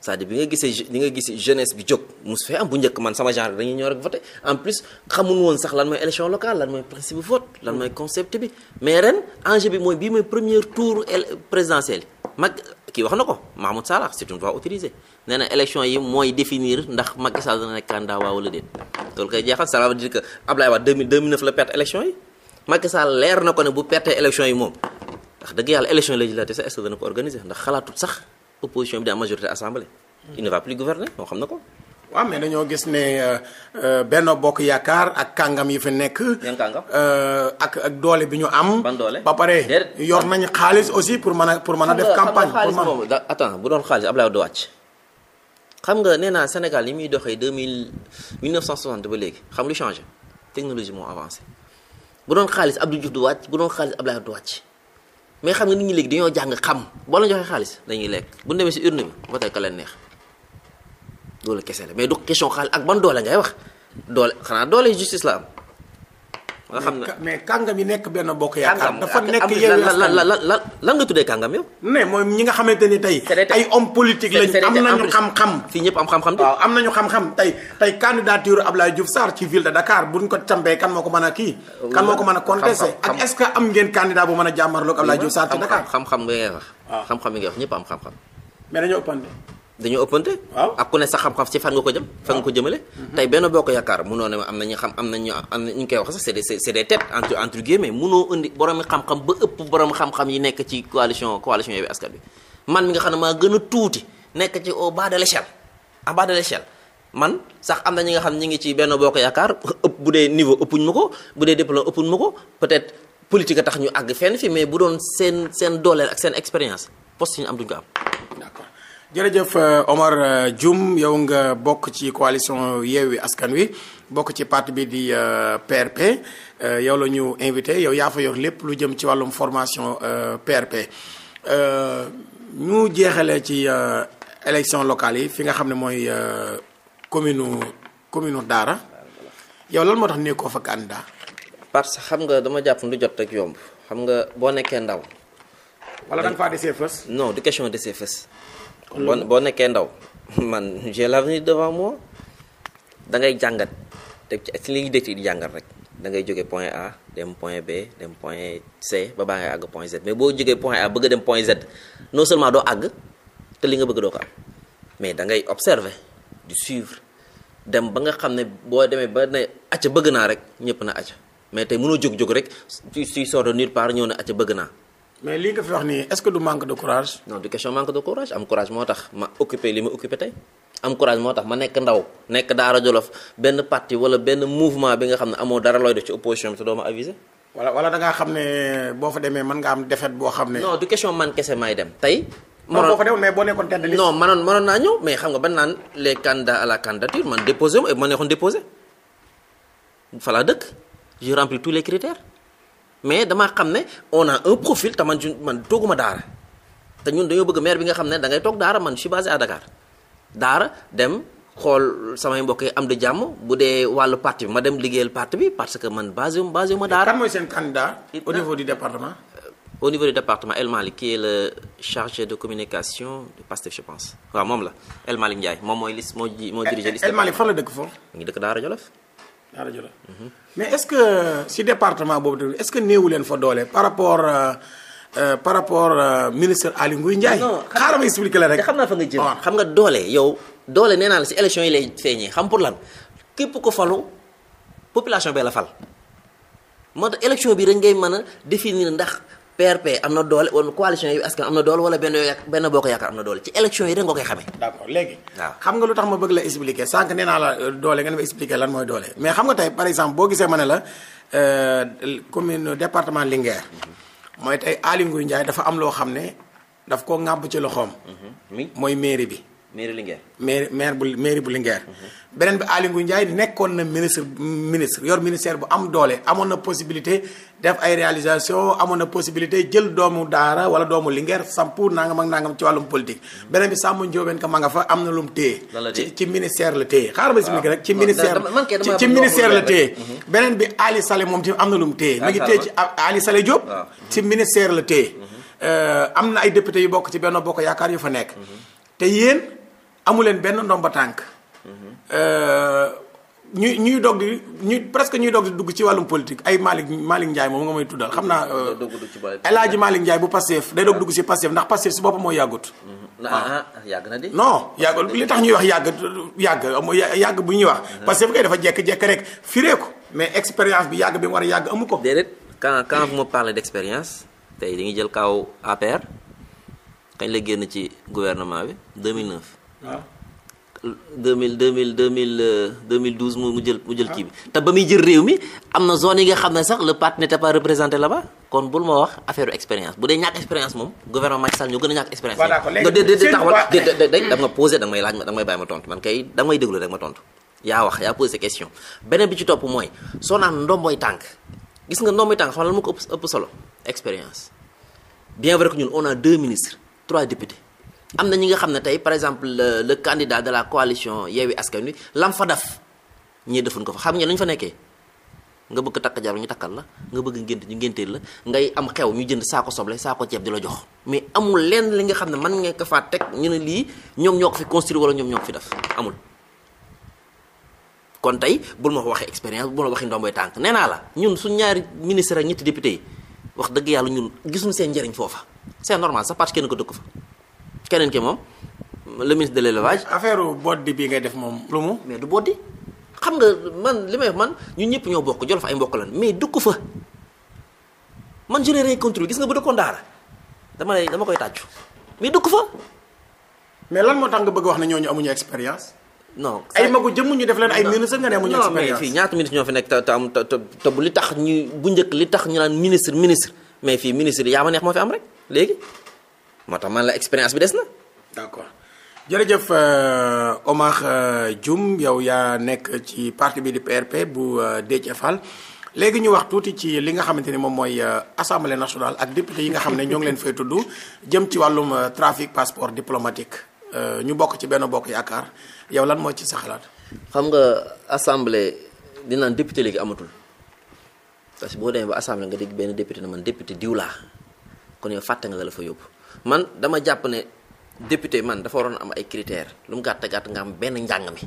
Speaker 2: c'est-à-dire bi nga gisee li nga gisee jeunesse bi jóg mos fee am bu njëkk man sama genre dañuy ñëw rek voté en plus xamun woon sax lan mooy élection locale lan mooy principe vote lan mooy concept bi mais ren enjeu bi mooy bii mooy premier tour présidentiel mag kii wax na ko Mahmoud Salah c'est une voix utilisée nee na élection yi mooy définir ndax Macky Sall dana nekk candidat waaw wala déet loolu koy jeexal ça veut dire que Ablaye la perte élection yi Macky Sall leer na ko ne bu perte élection yi moom ndax dëgg yàlla élection législative sax est-ce sax opposition bi daa majorité assemblée. il ne va plus gouverner moo xam na ko.
Speaker 1: waaw mais dañoo gis ne euh, euh, benn Bokk Yaakaar ak kàngam yi fi nekk. yan kàngam euh, ak ak doole bi ñu
Speaker 2: am. ban doole ba pare yor nañu xaalis
Speaker 1: aussi pour mën a pour mën a def campagne. pour
Speaker 2: mën bu doon xaalis Abdoulaye Wade wàcc. xam nga nee naa Sénégal yi muy doxee deux mille mille neuf cent soixante ba léegi xam lu changé technologie moo avancé bu doon xaalis Abdou Diouf du wàcc bu doon xaalis Abdoulaye du wàcc. mais xam nga nit ñi léegi dañoo jàng xam boo la joxee xaalis dañuy lekk bu ñu demee si urne bi voté ka leen neex loolu kese la mais du question xaalis ak ban doole ngay wax doole xanaa doole justice la am nga xam ne mais kàngam yi nekk benn
Speaker 1: bokk yaakaar dafa nekk yow la la la lan nga tuddee kàngam yow ne mooy ñi nga xamante ni tey ay homme politique lañ am nañu xam-xam fii ñëpp am xam-xam waaw am nañu xam-xam tey tey candidature Abdoulaye Diouf Sarr ci ville de Dakar buñ ko cambee kan moo ko mën a kii kan moo ko mën a contesté ak est-ce que am ngeen candidat bu mën a jàmmarloog Abdoulaye Diouf Sarr ci Dakar
Speaker 2: xam-xam bi ngay wax ah. xam-xam bi ngay ñëpp am xam-xam mais dañoo ëppante dañoo ëppante. waaw ak ku ne sa xam-xam ci fan nga ko jëm. fan nga ko jëmale. tey benn boo yaakaar munoo ne am na ñu xam am na ñu am na ñu koy wax sax c'est des c'est des têtes entre entre guillemets ba ëpp borom xam yi nekk ci coalition coalition Yewwi Askan Wi man mi nga xam ne maa gën a tuuti nekk ci au baa de l'échelle à bas de l'échelle man sax am na ñi nga xam ñi ngi ci benn boo yaakaar *laughs* ëpp bu dee niveau ëppuñ ma ko bu dee diplôme ëppuñ ma ko peut-être politique a tax ñu àgg fenn fii mais bu doon seen seen dooleel ak seen expérience poste yi ñu am duñ ko am jërëjëf
Speaker 1: euh, Omar jum euh, yow nga bokk ci coalition Yewwi Askan Wi bokk ci parti bi di PRP euh, yow la ñu invité yow yaa fa yor lépp lu jëm ci wàllum formation PRP ñu jeexale ci élection locale yi fi nga xam ne mooy commune commune
Speaker 2: Daara yow lan moo tax nekkoo fa candidat part que xam nga dama jàpp lu jot rek yomb xam nga boo nekkee ndaw. wala da nga faa desee fës. non du question desee fës. boo boo nekkee ndaw *laughs* man j'ai l'avenir devant moi da ngay jàngat te ci lii ñuy di jàngat rek da ngay jóge point A dem point B dem point C ba baa ngay àgg point Z mais boo jógee point A bëgg dem point Z non seulement doo àgg te li nga bëgg doo ko am mais da ngay observer di suivre dem ba nga xam ne boo demee ba ne acca bëgg naa rek ñëpp na acca mais tey mënoo jóg-jóg rek su suy sort de part ñëw na acca bëgg naa mais lii nga fi wax nii est-ce que du manque de courage. non du question manque de courage am courage moo tax ma occupé li ma occupé tey am courage moo tax ma nekk ndaw nekk daara jolof benn parti wala benn mouvement bi nga xam ne amoo dara looy def ci opposition bi te doo ma aviser. wala wala xam ne boo fa demee mën nga am défaite boo xam ne. non du question man kese may dem tey. mënoon boo fa demee mais boo nekkoon tête de liste. non mënoon mënoon naa ñëw mais xam nga ban naan les candidats à la candidature man déposé dëkk j'ai rempli les critères. mais damaa xam ne on a un profil te man man tooguma daara te ñun dañoo bëgg maire bi nga xam ne da ngay toog daara man si suis basé à Dakar daara dem xool samay mbokk yi am di jàmm bu dee wàllu parti bi ma dem liggéeyal parti bi parce que man basé wu basé wu ma daara. kan mooy seen candidat au niveau du département. Euh, au niveau du département El Malick qui est le chargé de communication de Pastef je pense waaw moom la El Malick Ndiaye moom mooy liste moo ji moo dirigé. liste fan la dëkk foofu. mu ngi daara jula
Speaker 1: mais est-ce que si département boobu tamit est-ce que newu leen fa doole par rapport euh, euh, par rapport euh, ministre Aly Ngouille Ndiaye. non xaaral ma expliqué la
Speaker 2: rek. xam naa fa nga jëm xam nga doole yow. doole nee naa la si élection yi lay feeñee xam pour lan képp ko falu population bee la fal moo tax élection bi rek ngay mën a définir ndax. PRP am na doole wala coalition yi que am na doole wala benn benn boo ko yaakaar am na doole ci élection yi rek nga koy xamee. léegi. waaw xam nga lu tax ma bëgg la expliquer sànq nee naa la euh, doole nga ne ma
Speaker 1: expliquer lan mooy doole mais xam nga tey par exemple boo gisee ma ne la euh, commune département Linguère mooy tey Aly Ngouille Ndiaye dafa am loo xam ne daf koo ŋàbb ci loxoom. Mhm. mooy mairie bi. mairie Linguère. maire maire bu mairie bu Linguère. Mhm. beneen bi Aly Ngouille Ndiaye nekkoon na ministre ministre yor ministère bu am doole amoon na possibilité ay réalisation amoon na possibilité jël doomu daara wala doomu Linguère sampu nangam ak nangam ci wàllum politique. Mhm. beneen bi Samba Ndiobène ka ma nga fa am na lu mu téye. ci ci ministère la téye. xaaral rek ci ministère mhm. ci ministère la téye. beneen bi Ali moom tamit am lu mu téye. mi ngi téye ci Ali Saleh Diop. ci ministère la téye. am na ay député yu bokk ci benn bokk yaakaar yu fa nekk. te yéen. amu leen benn ba tànk. Euh, ñuy ñuy dog di ñuy presque ñuy dog di dugg ci wàllum politique ay Malick Malick Ndiaye moom nga may tuddal xam naa.
Speaker 2: Euh, El Hadj Malick
Speaker 1: Ndiaye bu Pastef day dog dugg ci Pastef ndax Pastef si boppam mooy yàggut.
Speaker 2: Mm-hmm. Ah, ah. ah yàgg na de. non yàgg li tax ñuy wax yàgg
Speaker 1: yàgg yàgg bu ñuy wax. Mm-hmm. Pastef kay dafa jékki jekk rek firee ko mais expérience bi yàgg bi mu
Speaker 2: war a yàgg amu ko. déedéet quand quand vous me parlez d' expérience tey dañuy jël kaw APR kañ la génn ci gouvernement bi 2009. deux mille deux mille deux mille euh, deux mille douze mu jël mu jël kii bi te ba muy jël réew mi am na zone yi nga xam ne sax le parti n'était pas représenté là kon bul ma wax affaire expérience bu dee ñàkk expérience moom gouvernement Macky Sall ñoo gën a ñàkk expérience. voilà kon posé da nga laaj da nga may bàyyi ma tontu man kay da nga may ma tontu. yaa wax yaa posé beneen bi ci topp mooy soo naan ndomboy tànk gis nga ndomboy tànk xam nga lan ko ëpp ëpp solo expérience bien vrai que ñun a deux ministres trois députés. am na ñi nga xam ne tey par exemple le, le candidat de la coalition Yewwi Askan Wi lam fa def ñii defuñ ko fa xam nga lu ñu fa nekkee nga bëgg takk jaru ñu takkal la nga bëgg ngént ñu ngénteel la ngay xew ñu jënd saako soble saako ceeb di la jox mais amul lenn li xam ne mën nga ko faa teg ñu ne lii ñoom ñoo ko fi construire wala ñoom ñoo ko fi def amul kon tey bul ma waxee expérience bul ma waxee ndomboy tànk nee naa la ñun su ñaari ministre ak ñetti député yi wax dëgg yàlla ñun gisuñ seen njëriñ foofa c'est normal ça parce que kenn ko dëkk fa keneen ki moom le ministre de l' élevage. affaire boddi bi ngay def moom lu mu. mais du boddi xam nga man li may man ñun ñëpp ñoo bokk Jolof ay mbokk lan mais dëkku fa man je n'ai rien contre gis nga bu dëkkoon daara dama lay dama koy tàccu mais dëkku fa.
Speaker 1: mais lan moo tax nga bëgg wax ne ñooñu amuñu expérience. non ay magu jëmm ñu def leen ay ministre nga ne amuñu expérience non mais fii
Speaker 2: ñaata ministre ñoo fi nekk te bu li tax ñu bu njëkk li tax ñu naan ministre ministre mais fii ministre yaa ma neex moo fi am rek léegi. moo tax man la expérience bi des na. d'accord jërëjëf euh, Omar
Speaker 1: jum euh, yow yaa nekk ci parti bi di PRP bu euh, Déthié Fall léegi ñu wax tuuti ci li nga xamante ni moom mooy assemblée national ak député yi nga xam ne ñoo ngi leen fay tudd jëm ci wàllum trafic passeport diplomatique
Speaker 2: ñu bokk ci benn bokk yaakaar yow lan mooy ci sa xalaat. xam nga assemblée dinaan député léegi amatul parce que boo demee ba assemblée nga dégg benn député na man député diw kon yow fàtte nga la fa yóbbu. man dama jàpp ne député man dafa waroon am ay critères lu mu gàtt gàtt nga am benn njàng mi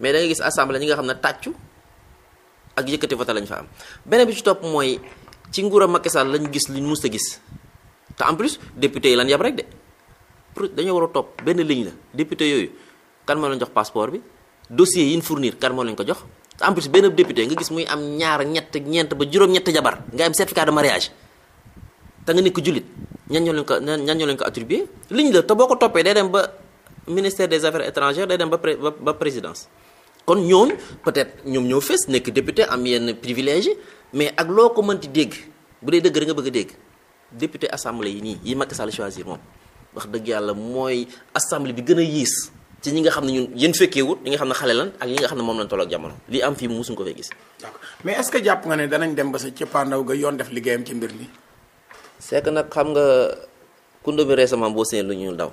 Speaker 2: mais da nga gis assemblée ñi nga xam ne tàccu ak yëkkati vote lañ fa am beneen bi ci topp mooy ci nguuram Macky Sall lañ gis luñ mus a gis te en plus député yi lan yab rek de pour dañoo war a topp benn ligne la député yooyu kan moo leen jox passeport bi dossier yi ñu fournir kan moo leen ko jox te en plus benn député nga gis muy am ñaar ñett ñeent ba juróom-ñett jabar nga am certificat mariage. te nga nekk jullit ñan ñoo leen ko ñan ñoo leen ko attribué liñ la te boo ko toppee day dem ba ministère des affaires étrangères day dem ba ba présidence kon ñoom peut-être ñoom ñoo fees nekk député am yenn privilège mais ak loo ko mënti dégg bu dee dëgg da nga bëgg a dégg député assemblée yi nii yi Macky Sall choisir moom wax dëgg yàlla mooy assemblée bi gën a yiis ci ñi nga xam ne ñun yéen fekkee wut ñi nga xam ne xale lan ak ñi nga xam ne moom lañ tolloog jamono li am def liggéeyam ci mbir mi. c'est que nag xam nga kundóo bi récemment boo seen lu ñu daw.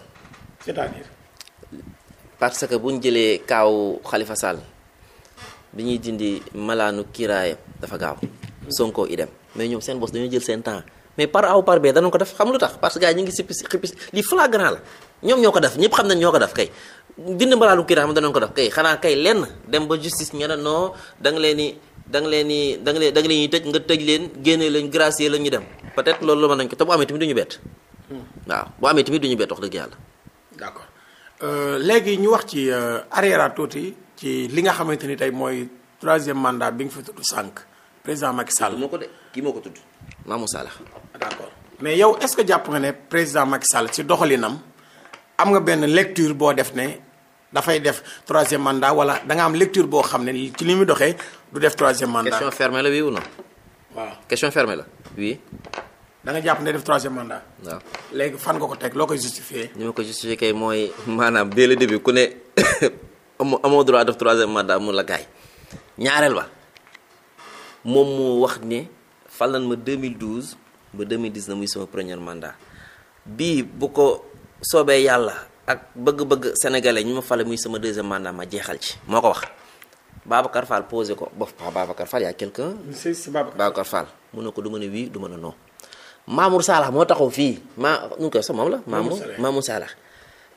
Speaker 2: parce que bu ñu jëlee kaaw xalifa Sall bi ñuy dindi malaanu kiiraayam dafa gaaw. Sonko idem mais ñoom seen boss dañoo jël seen temps mais par aw par bee danañ ko def xam lu tax parce que gars ñu ngi sippi xippi li flagrant la ñoom ñoo ko def ñëpp xam nañ ñoo ko def kay. dindi malaanu kiiraayam danañ ko def kay xanaa kay lenn dem ba justice ñu ne non leen ni da nga leen i da nga leen da nga leen tëj nga tëj leen génne leen gracier la ñu dem peut-être loolu la nañ ko te bu amee tamit du ñu bett. Hmm. waaw bu tamit du ñu bett dëgg yàlla. d'accord
Speaker 1: euh, léegi ñu wax ci euh, arrière tuuti ci li nga xamante ni tey mooy troisième mandat bi nga fi tudd sànq président Macky Sall. moo ko de kii moo ko tudd Mamou Sallah. d'accord mais yow est-ce que jàpp nga ne président Macky Sall ci doxalinam am nga benn lecture boo def ne. dafay def troisième mandat wala danga am lecture boo xam ne ci li muy doxee du def troisième mandat. question
Speaker 2: fermée la oui ou non. waaw question fermée la wii
Speaker 1: danga jàpp ne def troisième mandat. waaw léegi fan nga ko teg loo koy justifié.
Speaker 2: ni ma ko justifié kay mooy maanaam dès le début ku ne *coughs* amoo amoo droit def troisième mandat mu la gaay ñaareel ba moom moo wax ne fal nañ ma 2012 ba 2019 muy sama premier mandat bii bu ko soobee yàlla. ak bëgg-bëgg sénégalais ñu ma fale muy sama deuxième mandat ma jeexal ci moo ko wax Babacar Fall posé ko bof pas Babacar Fall yaa quelqu'un Babacar Fall mu ne ko du ma ne oui du ma ne non Mamour Salah moo taxaw fii ma nu ko sa moom la Mamour Mamour Salah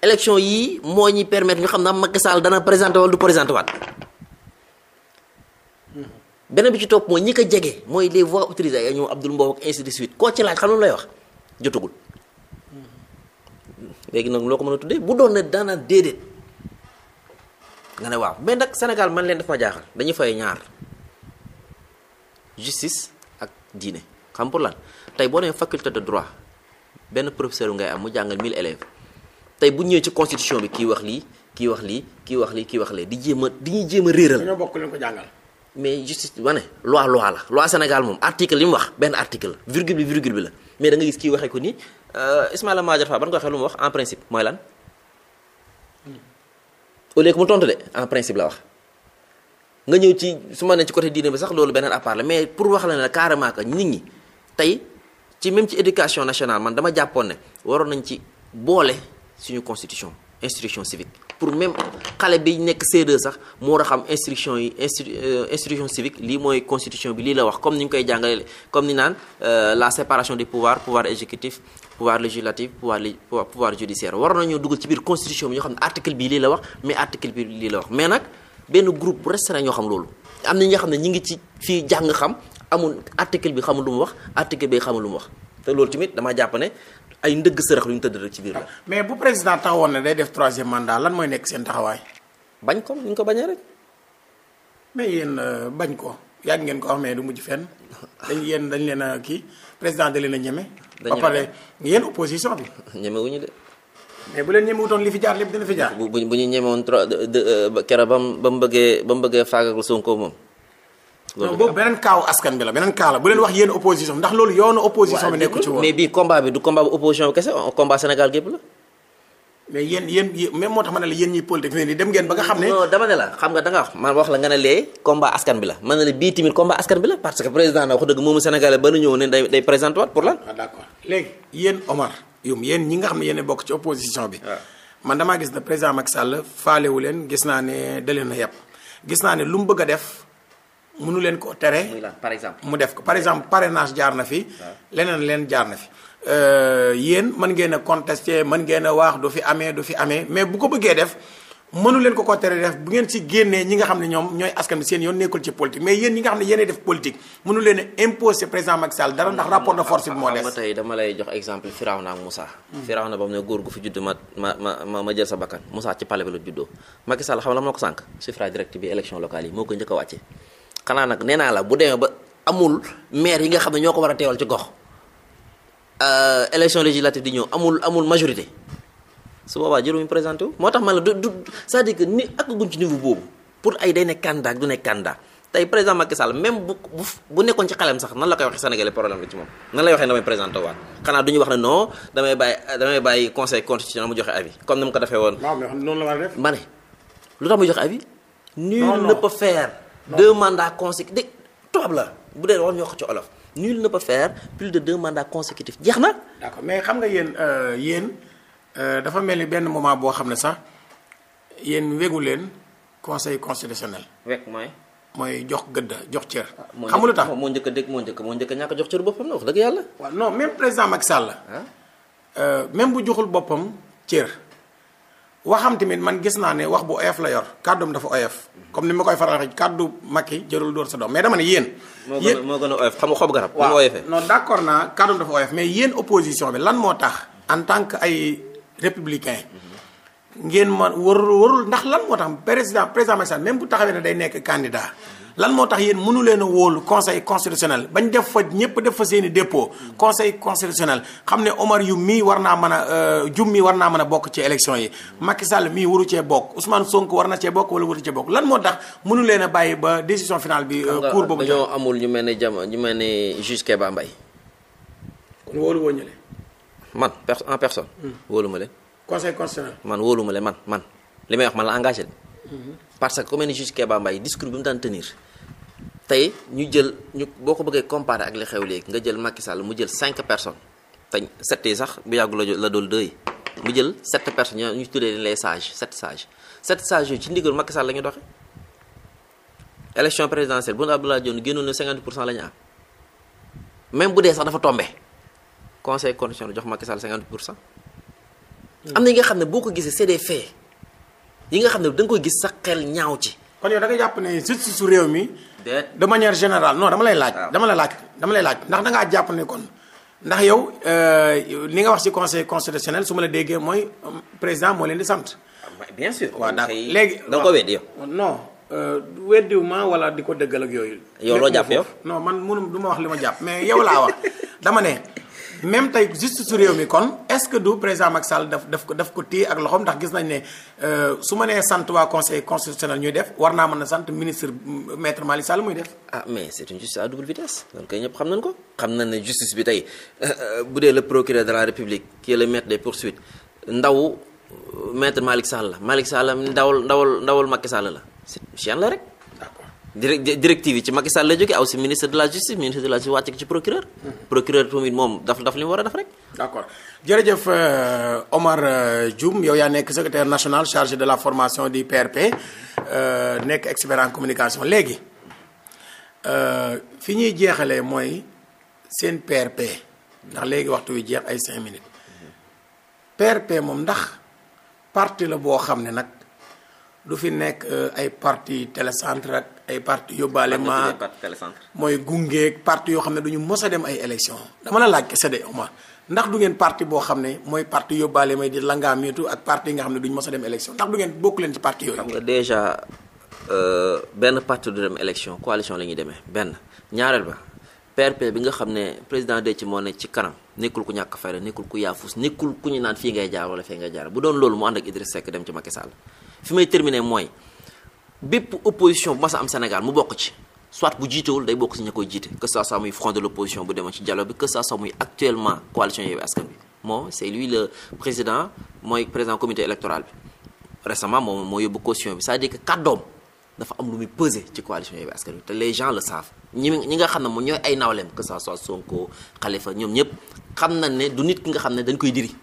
Speaker 2: yii moo ñuy permettre ñu xam ne Macky Sall dana présenté wala du présenté waat mm-hmm. beneen bi ci topp mooy ñi ko jege mooy les voix autorisées ya ñoom Abdoul Mbow ak ainsi de ci laaj xam lu lay wax jotagul léegi nag loo ko mën a tuddee bu doon ne daanaan déedéet nga ne waaw mais nag Sénégal man leen dafa jaaxal dañu fay ñaar justice ak diine xam pour lan tey boo nee faculté de droit benn professeur ngay am mu jàngal 1000 élèves tey bu ñëwee ci constitution bi kii wax lii kii wax lii kii wax lii kii wax lee di jéem a di ñuy jéem a réeral.
Speaker 1: bokk ko jàngal.
Speaker 2: mais justice bi wane loi loi la loi Sénégal moom article li mu wax benn article virgule bi virgule bi la mais da nga gis kii waxee ko nii. Euh, Ismaïla Madior Fall ban ko waxee lu mu wax en principe mooy lan au lieu mu tontu de en principe la wax nga ñëw ci su ma ne ci côté diine bi sax loolu beneen à mais pour wax la ne carrément que nit ñi tey ci même ci éducation nationale man dama jàppoon ne waroon nañ ci boole suñu constitution instruction civique pour même xale bi nekk c sax mu war a xam instruction yi instru euh, instruction civique lii mooy constitution bi lii la wax comme ni ñu koy jàngale comme ni naan euh, la séparation des pouvoirs pouvoir exécutif pouvoir législatif pouvoir pouvoir judiciaire war nañoo dugal ci biir constitution bi ñoo xam ne article bii lii la wax mais article bii lii la wax mais nag benn groupe bu restreint ñoo xam loolu am na ñi xam ne ñi ngi ci fii jàng xam amul article bi xamul lu mu wax article bi xamul lu mu wax te loolu tamit damaa jàpp ne ay ndëgg sërëx lu ñu tëdd rek ci biir la. mais bu président
Speaker 1: taxawoon ne day def troisième mandat lan mooy nekk seen taxawaay. bañ ko ni ko bañee rek. mais yéen euh, bañ ko yàgg ngeen ko wax mais du mujj fenn *laughs* dañ yéen dañ leen a kii président leen a ñeme. dañu ba pare yéen opposition bi.
Speaker 2: *laughs* ñemewuñu de. mais bu leen ñemewutoon li fi jaar lépp dina fi jaar. bu bu ñu ñemewoon trop euh, keroog ba mu ba bëggee ba mu bëggee faagagal Sonko moom. loolu boobu beneen kaaw
Speaker 1: askan bi la beneen kaa la bu leen wax yéen opposition ndax loolu
Speaker 2: yoonu opposition bi nekku mais bii combat bi du combat bu opposition bi kese combat Sénégal gépp la.
Speaker 1: mais yéen yéen même moo tax ma ne la yéen ñi
Speaker 2: politique ni dem ngeen ba nga xam ne. non dama ne la xam nga da nga wax man wax la nga ne lee combat askan bi la man ne la bii tamit combat askan bi la parce que président na wax dëgg moomu Sénégalais ba nu ñëw ne day day présenté pour lan. Ah,
Speaker 1: léegi yéen Omar yow yéen ñi nga xam ne yéen bokk ci opposition bi. Ah. man damaa gis ne président Macky Sall faalewu leen gis naa ne daleen na yàpp gis naa ne lu mu bëgg a def mënu leen ko tere. par exemple mu def ko exemple parrainage jaar na fi. Ah. leneen leen jaar na Euh, yéen man ngeen a contester mën ngeen a wax du fi amee du fi amee mais bu ko bëggee def mënu leen ko ko tere def bu ngeen ci génnee ñi nga xam ne ñoom ñooy askan bi seen yoon nekkul ci politique mais yéen ñi nga xam ne yéenay def politique mënu leen a imposer président Macky Sall dara ndax rapport de force bi moo des. xam nga
Speaker 2: tey dama lay jox exemple Firawna gu fi judd ma ma ma ma sa bakkan Moussa ci palais bi la juddoo Macky Sall xam nga la moo ko sànq suffrage direct bi élection locale yi moo ko njëkk a wàcce xanaa nag nee naa la bu demee ba amul maire yi nga xam ne ñoo ko war a teewal ci gox Euh, élection législative di ñëw amul amul majorité su boobaa jëruñu présenté wu moo tax man la du du c'est-à-dire que ni ak guñ ci niveau boobu pour ay day nekk candidat ak du ne candidat tey président ma Sall même bu bu bu nekkoon ci xelam sax nan la koy waxee Sénégalais problème la ci moom nan lay waxee damay présenté waat xanaa du ñu wax ne non damay bàyyi damay bàyyi conseil constitutionnel mu joxe avis comme ni mu ko defee woon. waaw mais noonu la war a def. ma ne lu tax mu joxe avis. nul ne peut faire deux la bu dee war ñu wax ci nul ne peut faire plus de deux mandats consécutifs jeex na. d'accord mais xam nga yéen euh, yéen euh, dafa mel
Speaker 1: ni benn moment boo xam ne sax yéen wegu leen conseil constitutionnel. wek mooy. mooy jox gëdd jox cër. Ah, xamul tax
Speaker 2: moo njëkk a moo njëkk moo njëkk a ñàkk jox cër boppam la
Speaker 1: wax dëgg yàlla. waaw non même président Macky Sall. Ah? Euh, même bu joxul boppam cër. waxam tamit man gis naa ne wax bu oyof la yor kàddum dafa oyof. Mm-hmm. comme ni ma koy faral kàddu Macky jërul dóor sa doom mais dama ne yéen.
Speaker 2: moo gën a moo gën a xam nga xobu garab. waaw non
Speaker 1: d' accord naa kàddu dafa oyof mais yéen opposition bi lan moo tax en tant que ay républicain ngeen man warul warul ndax lan moo tax président président Macky Sall même bu taxawee na day nekk candidat lan moo tax yéen mënu leen a wóolu conseil constitutionnel bañ def fa ñëpp def fa seen dépo dépôt conseil xam ne Omar yu mii war naa mën a jum euh, mii war naa mën a bokk ci élection yi Macky Sall mii waru cee bokk Ousmane Sonko war na cee bokk wala waru cee bokk lan moo tax mënu leen a bàyyi ba décision finale bi. Euh, cour boobu dañoo
Speaker 2: amul ñu mel ne jamono ñu mel ne juge Kéba Mbaye. kon man personne. Hmm. wóolu ma leen.
Speaker 1: conseil constitutionnel.
Speaker 2: man wóolu ma leen man man li may wax man la engagé. Hmm. parce que ku mel ne juge Kéba Mbaye bi mu daan tenir. tey ñu jël ñu boo ko bëggee comparer ak li xew léegi nga jël Macky mu jël cinq personnes te sept yi sax bu yàggu la la dool deux mu jël sept personnes ñu ñu tuddee les sages sept sages sept sages yooyu ci ndigal Macky Sall la ñu doxe élection présidentielle bu Abdoulaye Dione génnoon na 50 pour cent la ñu am même bu dee sax dafa tombe conseil constitutionnel jox Macky Sall 50 pour cent. Hmm. am na yi nga xam
Speaker 1: ne boo ko gisee c'est des faits yi nga xam ne da nga koy
Speaker 2: gis sa xel ñaaw ci.
Speaker 1: kon yow da nga jàpp ne justice su réew mi. de manière générale non dama lay laaj. Ah. dama laaj lay laaj ndax da jàpp ne kon. ndax yow euh, li nga wax ci conseil constitutionnel su ma la déggee mooy euh, président moo leen di sant. Ah, bien sûr. waaw d'accord léegi da nga ko weddi yow. non euh, weddiwuma wala di ko dëggal ak yooyu. yow loo jàpp yow. no man mënum du ma wax li ma jàpp mais yow laa wax *laughs* dama ne. même tey justice su réew mi kon est-ce que du président Macky Sall daf daf ko daf ko téye ak loxoom ndax gis nañ ne euh, su ma nee sant waa conseil constitutionnel ñuy def war naa mën a sant ministre
Speaker 2: euh, maître Malick Sall muy def. ah mais c'est une justice à double vitesse donc kay ñëpp xam nañ ko. xam nañ ne justice bi tey euh, bu dee le procureur de la république qui est le maître des poursuites ndaw maître Malick Sall la Malick Sall ndawal ndawal ndawal Macky Sall la. c'est chien rek. directive yi ci Macky Sall la jógee aw si ministre de la justice ministre de la justice wàcc ci procureur. Hmm. procureur tamit moom daf daf li war a def rek.
Speaker 1: d' jërëjëf euh, Omar euh, Dioum yow yaa nekk secrétaire national chargé de la formation du PRP euh, nekk expert communication léegi fi ñuy jeexale mooy seen PRP ndax léegi waxtu wi jeex ay cinq minutes PRP moom ndax parti la boo xam ne nag du fi nekk ay parti télécentre ak. ay parti yóbbaale ma mooy gungeeg parti yoo xam ne duñu mos a dem ay élection dama la laaj kese de Omar ndax du ngeen parti boo xam ne mooy parti yóbbaale ma di langaameetu ak
Speaker 2: parti yi nga xam ne duñu mos a dem élection ndax du ngeen bokk leen ci parti yooyu. xam nga déjà euh, benn parti du dem élection coalition la ñuy demee benn ñaareel ba PRP bi nga xam ne président Déthié moo ne ci kanam nekkul ku ñàkk fayda nekkul ku yaafus nekkul ku ñu naan fii ngay jaar wala fii ngay jaar bu doon loolu mu ànd ak Idriss Seck dem ci Macky Sall fi may terminer mooy. bépp opposition bu ma a am Sénégal mu bokk ci soit bu jiitewul day bokk ci ña koy jiite que ça soit muy front de l'opposition bu demoon ci dialogue bi que ça muy actuellement coalition Yewwi Askan moom c'est le président mooy président comité électoral bi récemment moom moo yóbbu costion bi sa à dire que kàddoom dafa am lu muy peser ci coalition Yewwi Askan Wi te les gens le savent ñi ñi nga xam ne moom ñooy ay nawleem que ça soit Sonko Khalifa ñoom ñëpp xam na ne du nit ki nga xam ne dañ koy diri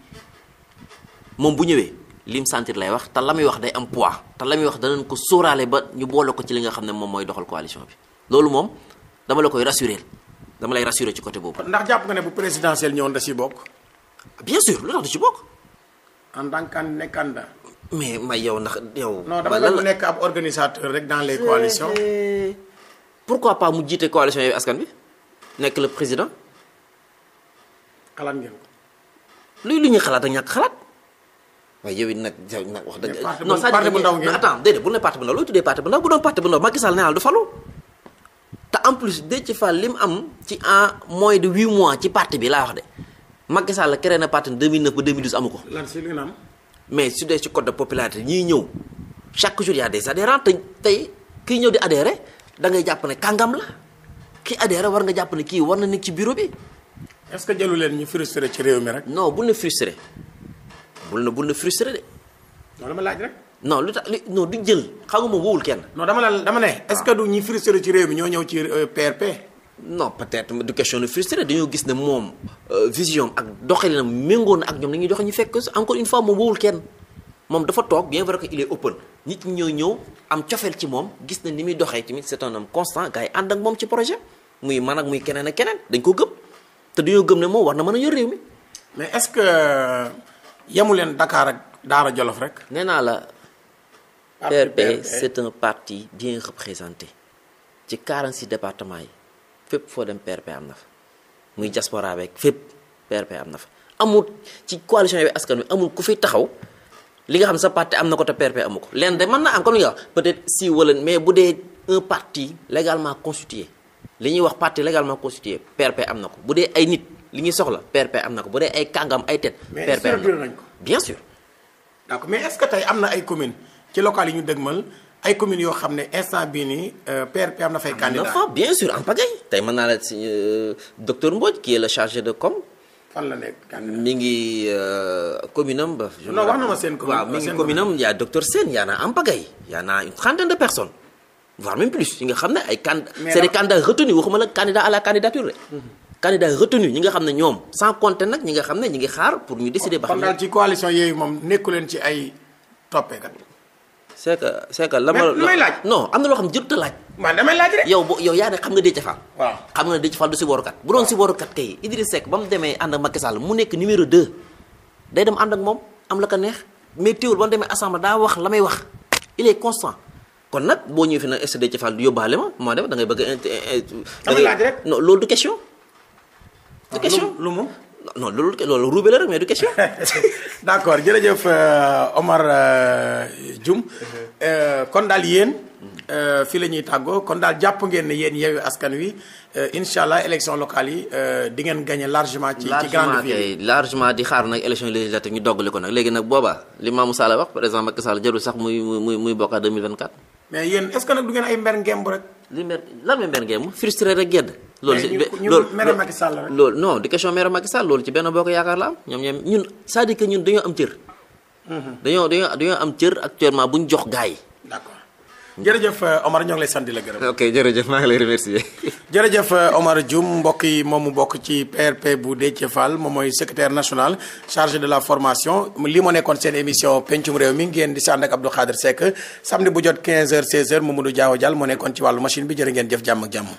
Speaker 2: moom bu ñëwee. lim sentir lay wax te la muy wax day am poids te la muy wax danañ ko sóoraale ba ñu boole ko ci li nga xam ne moom mooy doxal coalition bi loolu moom dama la koy rassuré dama lay rassuré ci côté boobu. ndax jàpp
Speaker 1: nga ne bu présidentielle ñëwoon da ciy bokk. Ah, bien sûr lu tax da bokk. en tant que
Speaker 2: candidat. mais may yow ndax yow. non dama la nekk ab organisateur rek dans les coalitions. pourquoi pas mu jiite coalition Yewwi Askan Wi nekk la président. xalaat ngeen ko. ñuy xalaat ak ñàkk xalaat. waaye yow it nag yow nag wax dëgg. non parti bu ndaw ngeen non attends déedéet bu ñu nee parti bu ndaw looy tuddee parti bu ndaw bu doon parti bu ndaw Macky Sall nee du falu. te en plus Déthié Fall li mu am ci en moins de huit mois ci parti bi laa wax de Macky Sall créé na parti 2009 ba 2012 amu ko.
Speaker 1: lan si li nga am.
Speaker 2: mais su dee ci code de popularité ñiy ñëw chaque jour y a des adhérents te tey kii ñëw di adhéré da ngay jàpp ne kàngam la ki adhéré war nga jàpp ne kii war na nekk ci bureau bi. est-ce que jëlu leen ñu frustré ci réew mi rek. non bu ne frustré. bul na bul na frustré de. non laaj rek. non lu tax li non du jël xam wowul kenn. non dama la dama ne. est-ce que du ñi frustré ci réew mi ñoo ñëw ci PRP. Euh, non peut-être du question de frustré dañoo gis ne moom euh, vision ak doxalinam méngoo na ak ñoom dañuy doxe ñu fekk encore une fois moom wowul kenn moom dafa toog bien vrai que il est open nit ci moom gis na ni muy doxee tamit c'est un homme constant gars yi ànd moom ci projet muy man ak muy keneen ak keneen dañ ko gëm te dañoo gëm ne moom war na mën a yor réew mi. mais est yemu leen Dakar ak Daara Jolof rek. nee naa la.
Speaker 1: PRP c'est
Speaker 2: un parti bien représenté ci 46 départements yi fépp foo dem PRP am na fa muy diaspora beeg fépp PRP am na fa amul ci coalition yi askan wi amul ku fi taxaw li nga xam sa parti am na ko te PRP amu ko leen de mën na am comme li nga wax peut-être si wala mais bu dee un parti légalement constitué li ñuy wax parti légalement constitué PRP am na ko bu dee ay nit. li ñuy soxla PRP am na ko bu dee ay kàngam ay tet PRP na ko bien sûr
Speaker 1: d'accord mais est-ce que tey am na ay communes ci local yu ñu dëgmal ay communes yoo xam ne instant bii nii euh, PRP am na fay candidat am na fa bien sûr en
Speaker 2: pagaille tey mën naa la si euh, docteur Mbodj qui est le de com fan la nekk ngi euh, commune am ba. non seen commune yaa docteur Sène yaa naa am pagaille yaa naa une trentaine de personnes voire même plus yi nga xam ne ay. mais c'est des candidats retenus waxuma la candidature rek. candidat yi retenu ñi nga xam ne ñoom san compter nag ñi nga xam ne ñi ngi xaar pour ñu décider ba xam ne ci coalition yooyu moom nekku leen ci ay toppeekat c'est que c'est que la ma laaj non am na loo xam ne jërut laaj man damay laaj yow yow yaa ne xam nga Déthié Fall waaw xam nga ne Déthié Fall du si borukat bu doon si borukat kay Idrissa Seck ba mu demee ànd ak Macky Sall mu nekk numéro 2 day dem ànd ak moom am la ko neex mais teewul ba mu demee assemblée daa wax la may wax il est constant kon boo ñëwee fi nag est-ce ma moo da ngay bëgg a damay laaj loolu du du question lu moom non loolu loolu la rek mais du question. *laughs* d' accord jërëjëf
Speaker 1: euh, Omar euh, Dioum mhm. euh, kon daal yéen. fii la ñuy tàggoo kon daal jàpp ngeen ne yéen yeewu askan wi incha allah élection locale yi di ngeen gagné largement. ci ci grande ville
Speaker 2: largement di xaar nag élection législative ñu doggale ko nag léegi nag boobaa li Mamou Sall wax par exemple Macky Sall jarul sax muy muy muy bokk à 2024.
Speaker 1: mais yéen est-ce que nag du ngeen ay mber ngemb
Speaker 2: rek. li mer lan mooy mber ngemb frustré rek gedd. loolu si loolu mere Macky rek. loolu ci benn boo ko yaakaar la am ñoom ñoom ñun c'est-à-dire que ñun dañoo am cër. Mhm. dañoo dañoo dañoo am cër actuellement bu ñu jox gaa yi. jërëjëf euh, Omar ñoo ngi lay sant di la gërëm. ok jërëjëf maa ngi lay remercier.
Speaker 1: *laughs* jërëjëf euh, Omar Dioum mbokk yi moom mu bokk ci PRP bu Déthié Fall moom mooy secrétaire national chargé de la formation li moo nekkoon seen émission pencum réew mi ngeen di sànd ak Abdou Khadre Seck samedi bu jot 15h 16h Mamadou Diaw Dial moo nekkoon ci wàllu machine bi jërë ngeen jëf jàmm ak jàmm.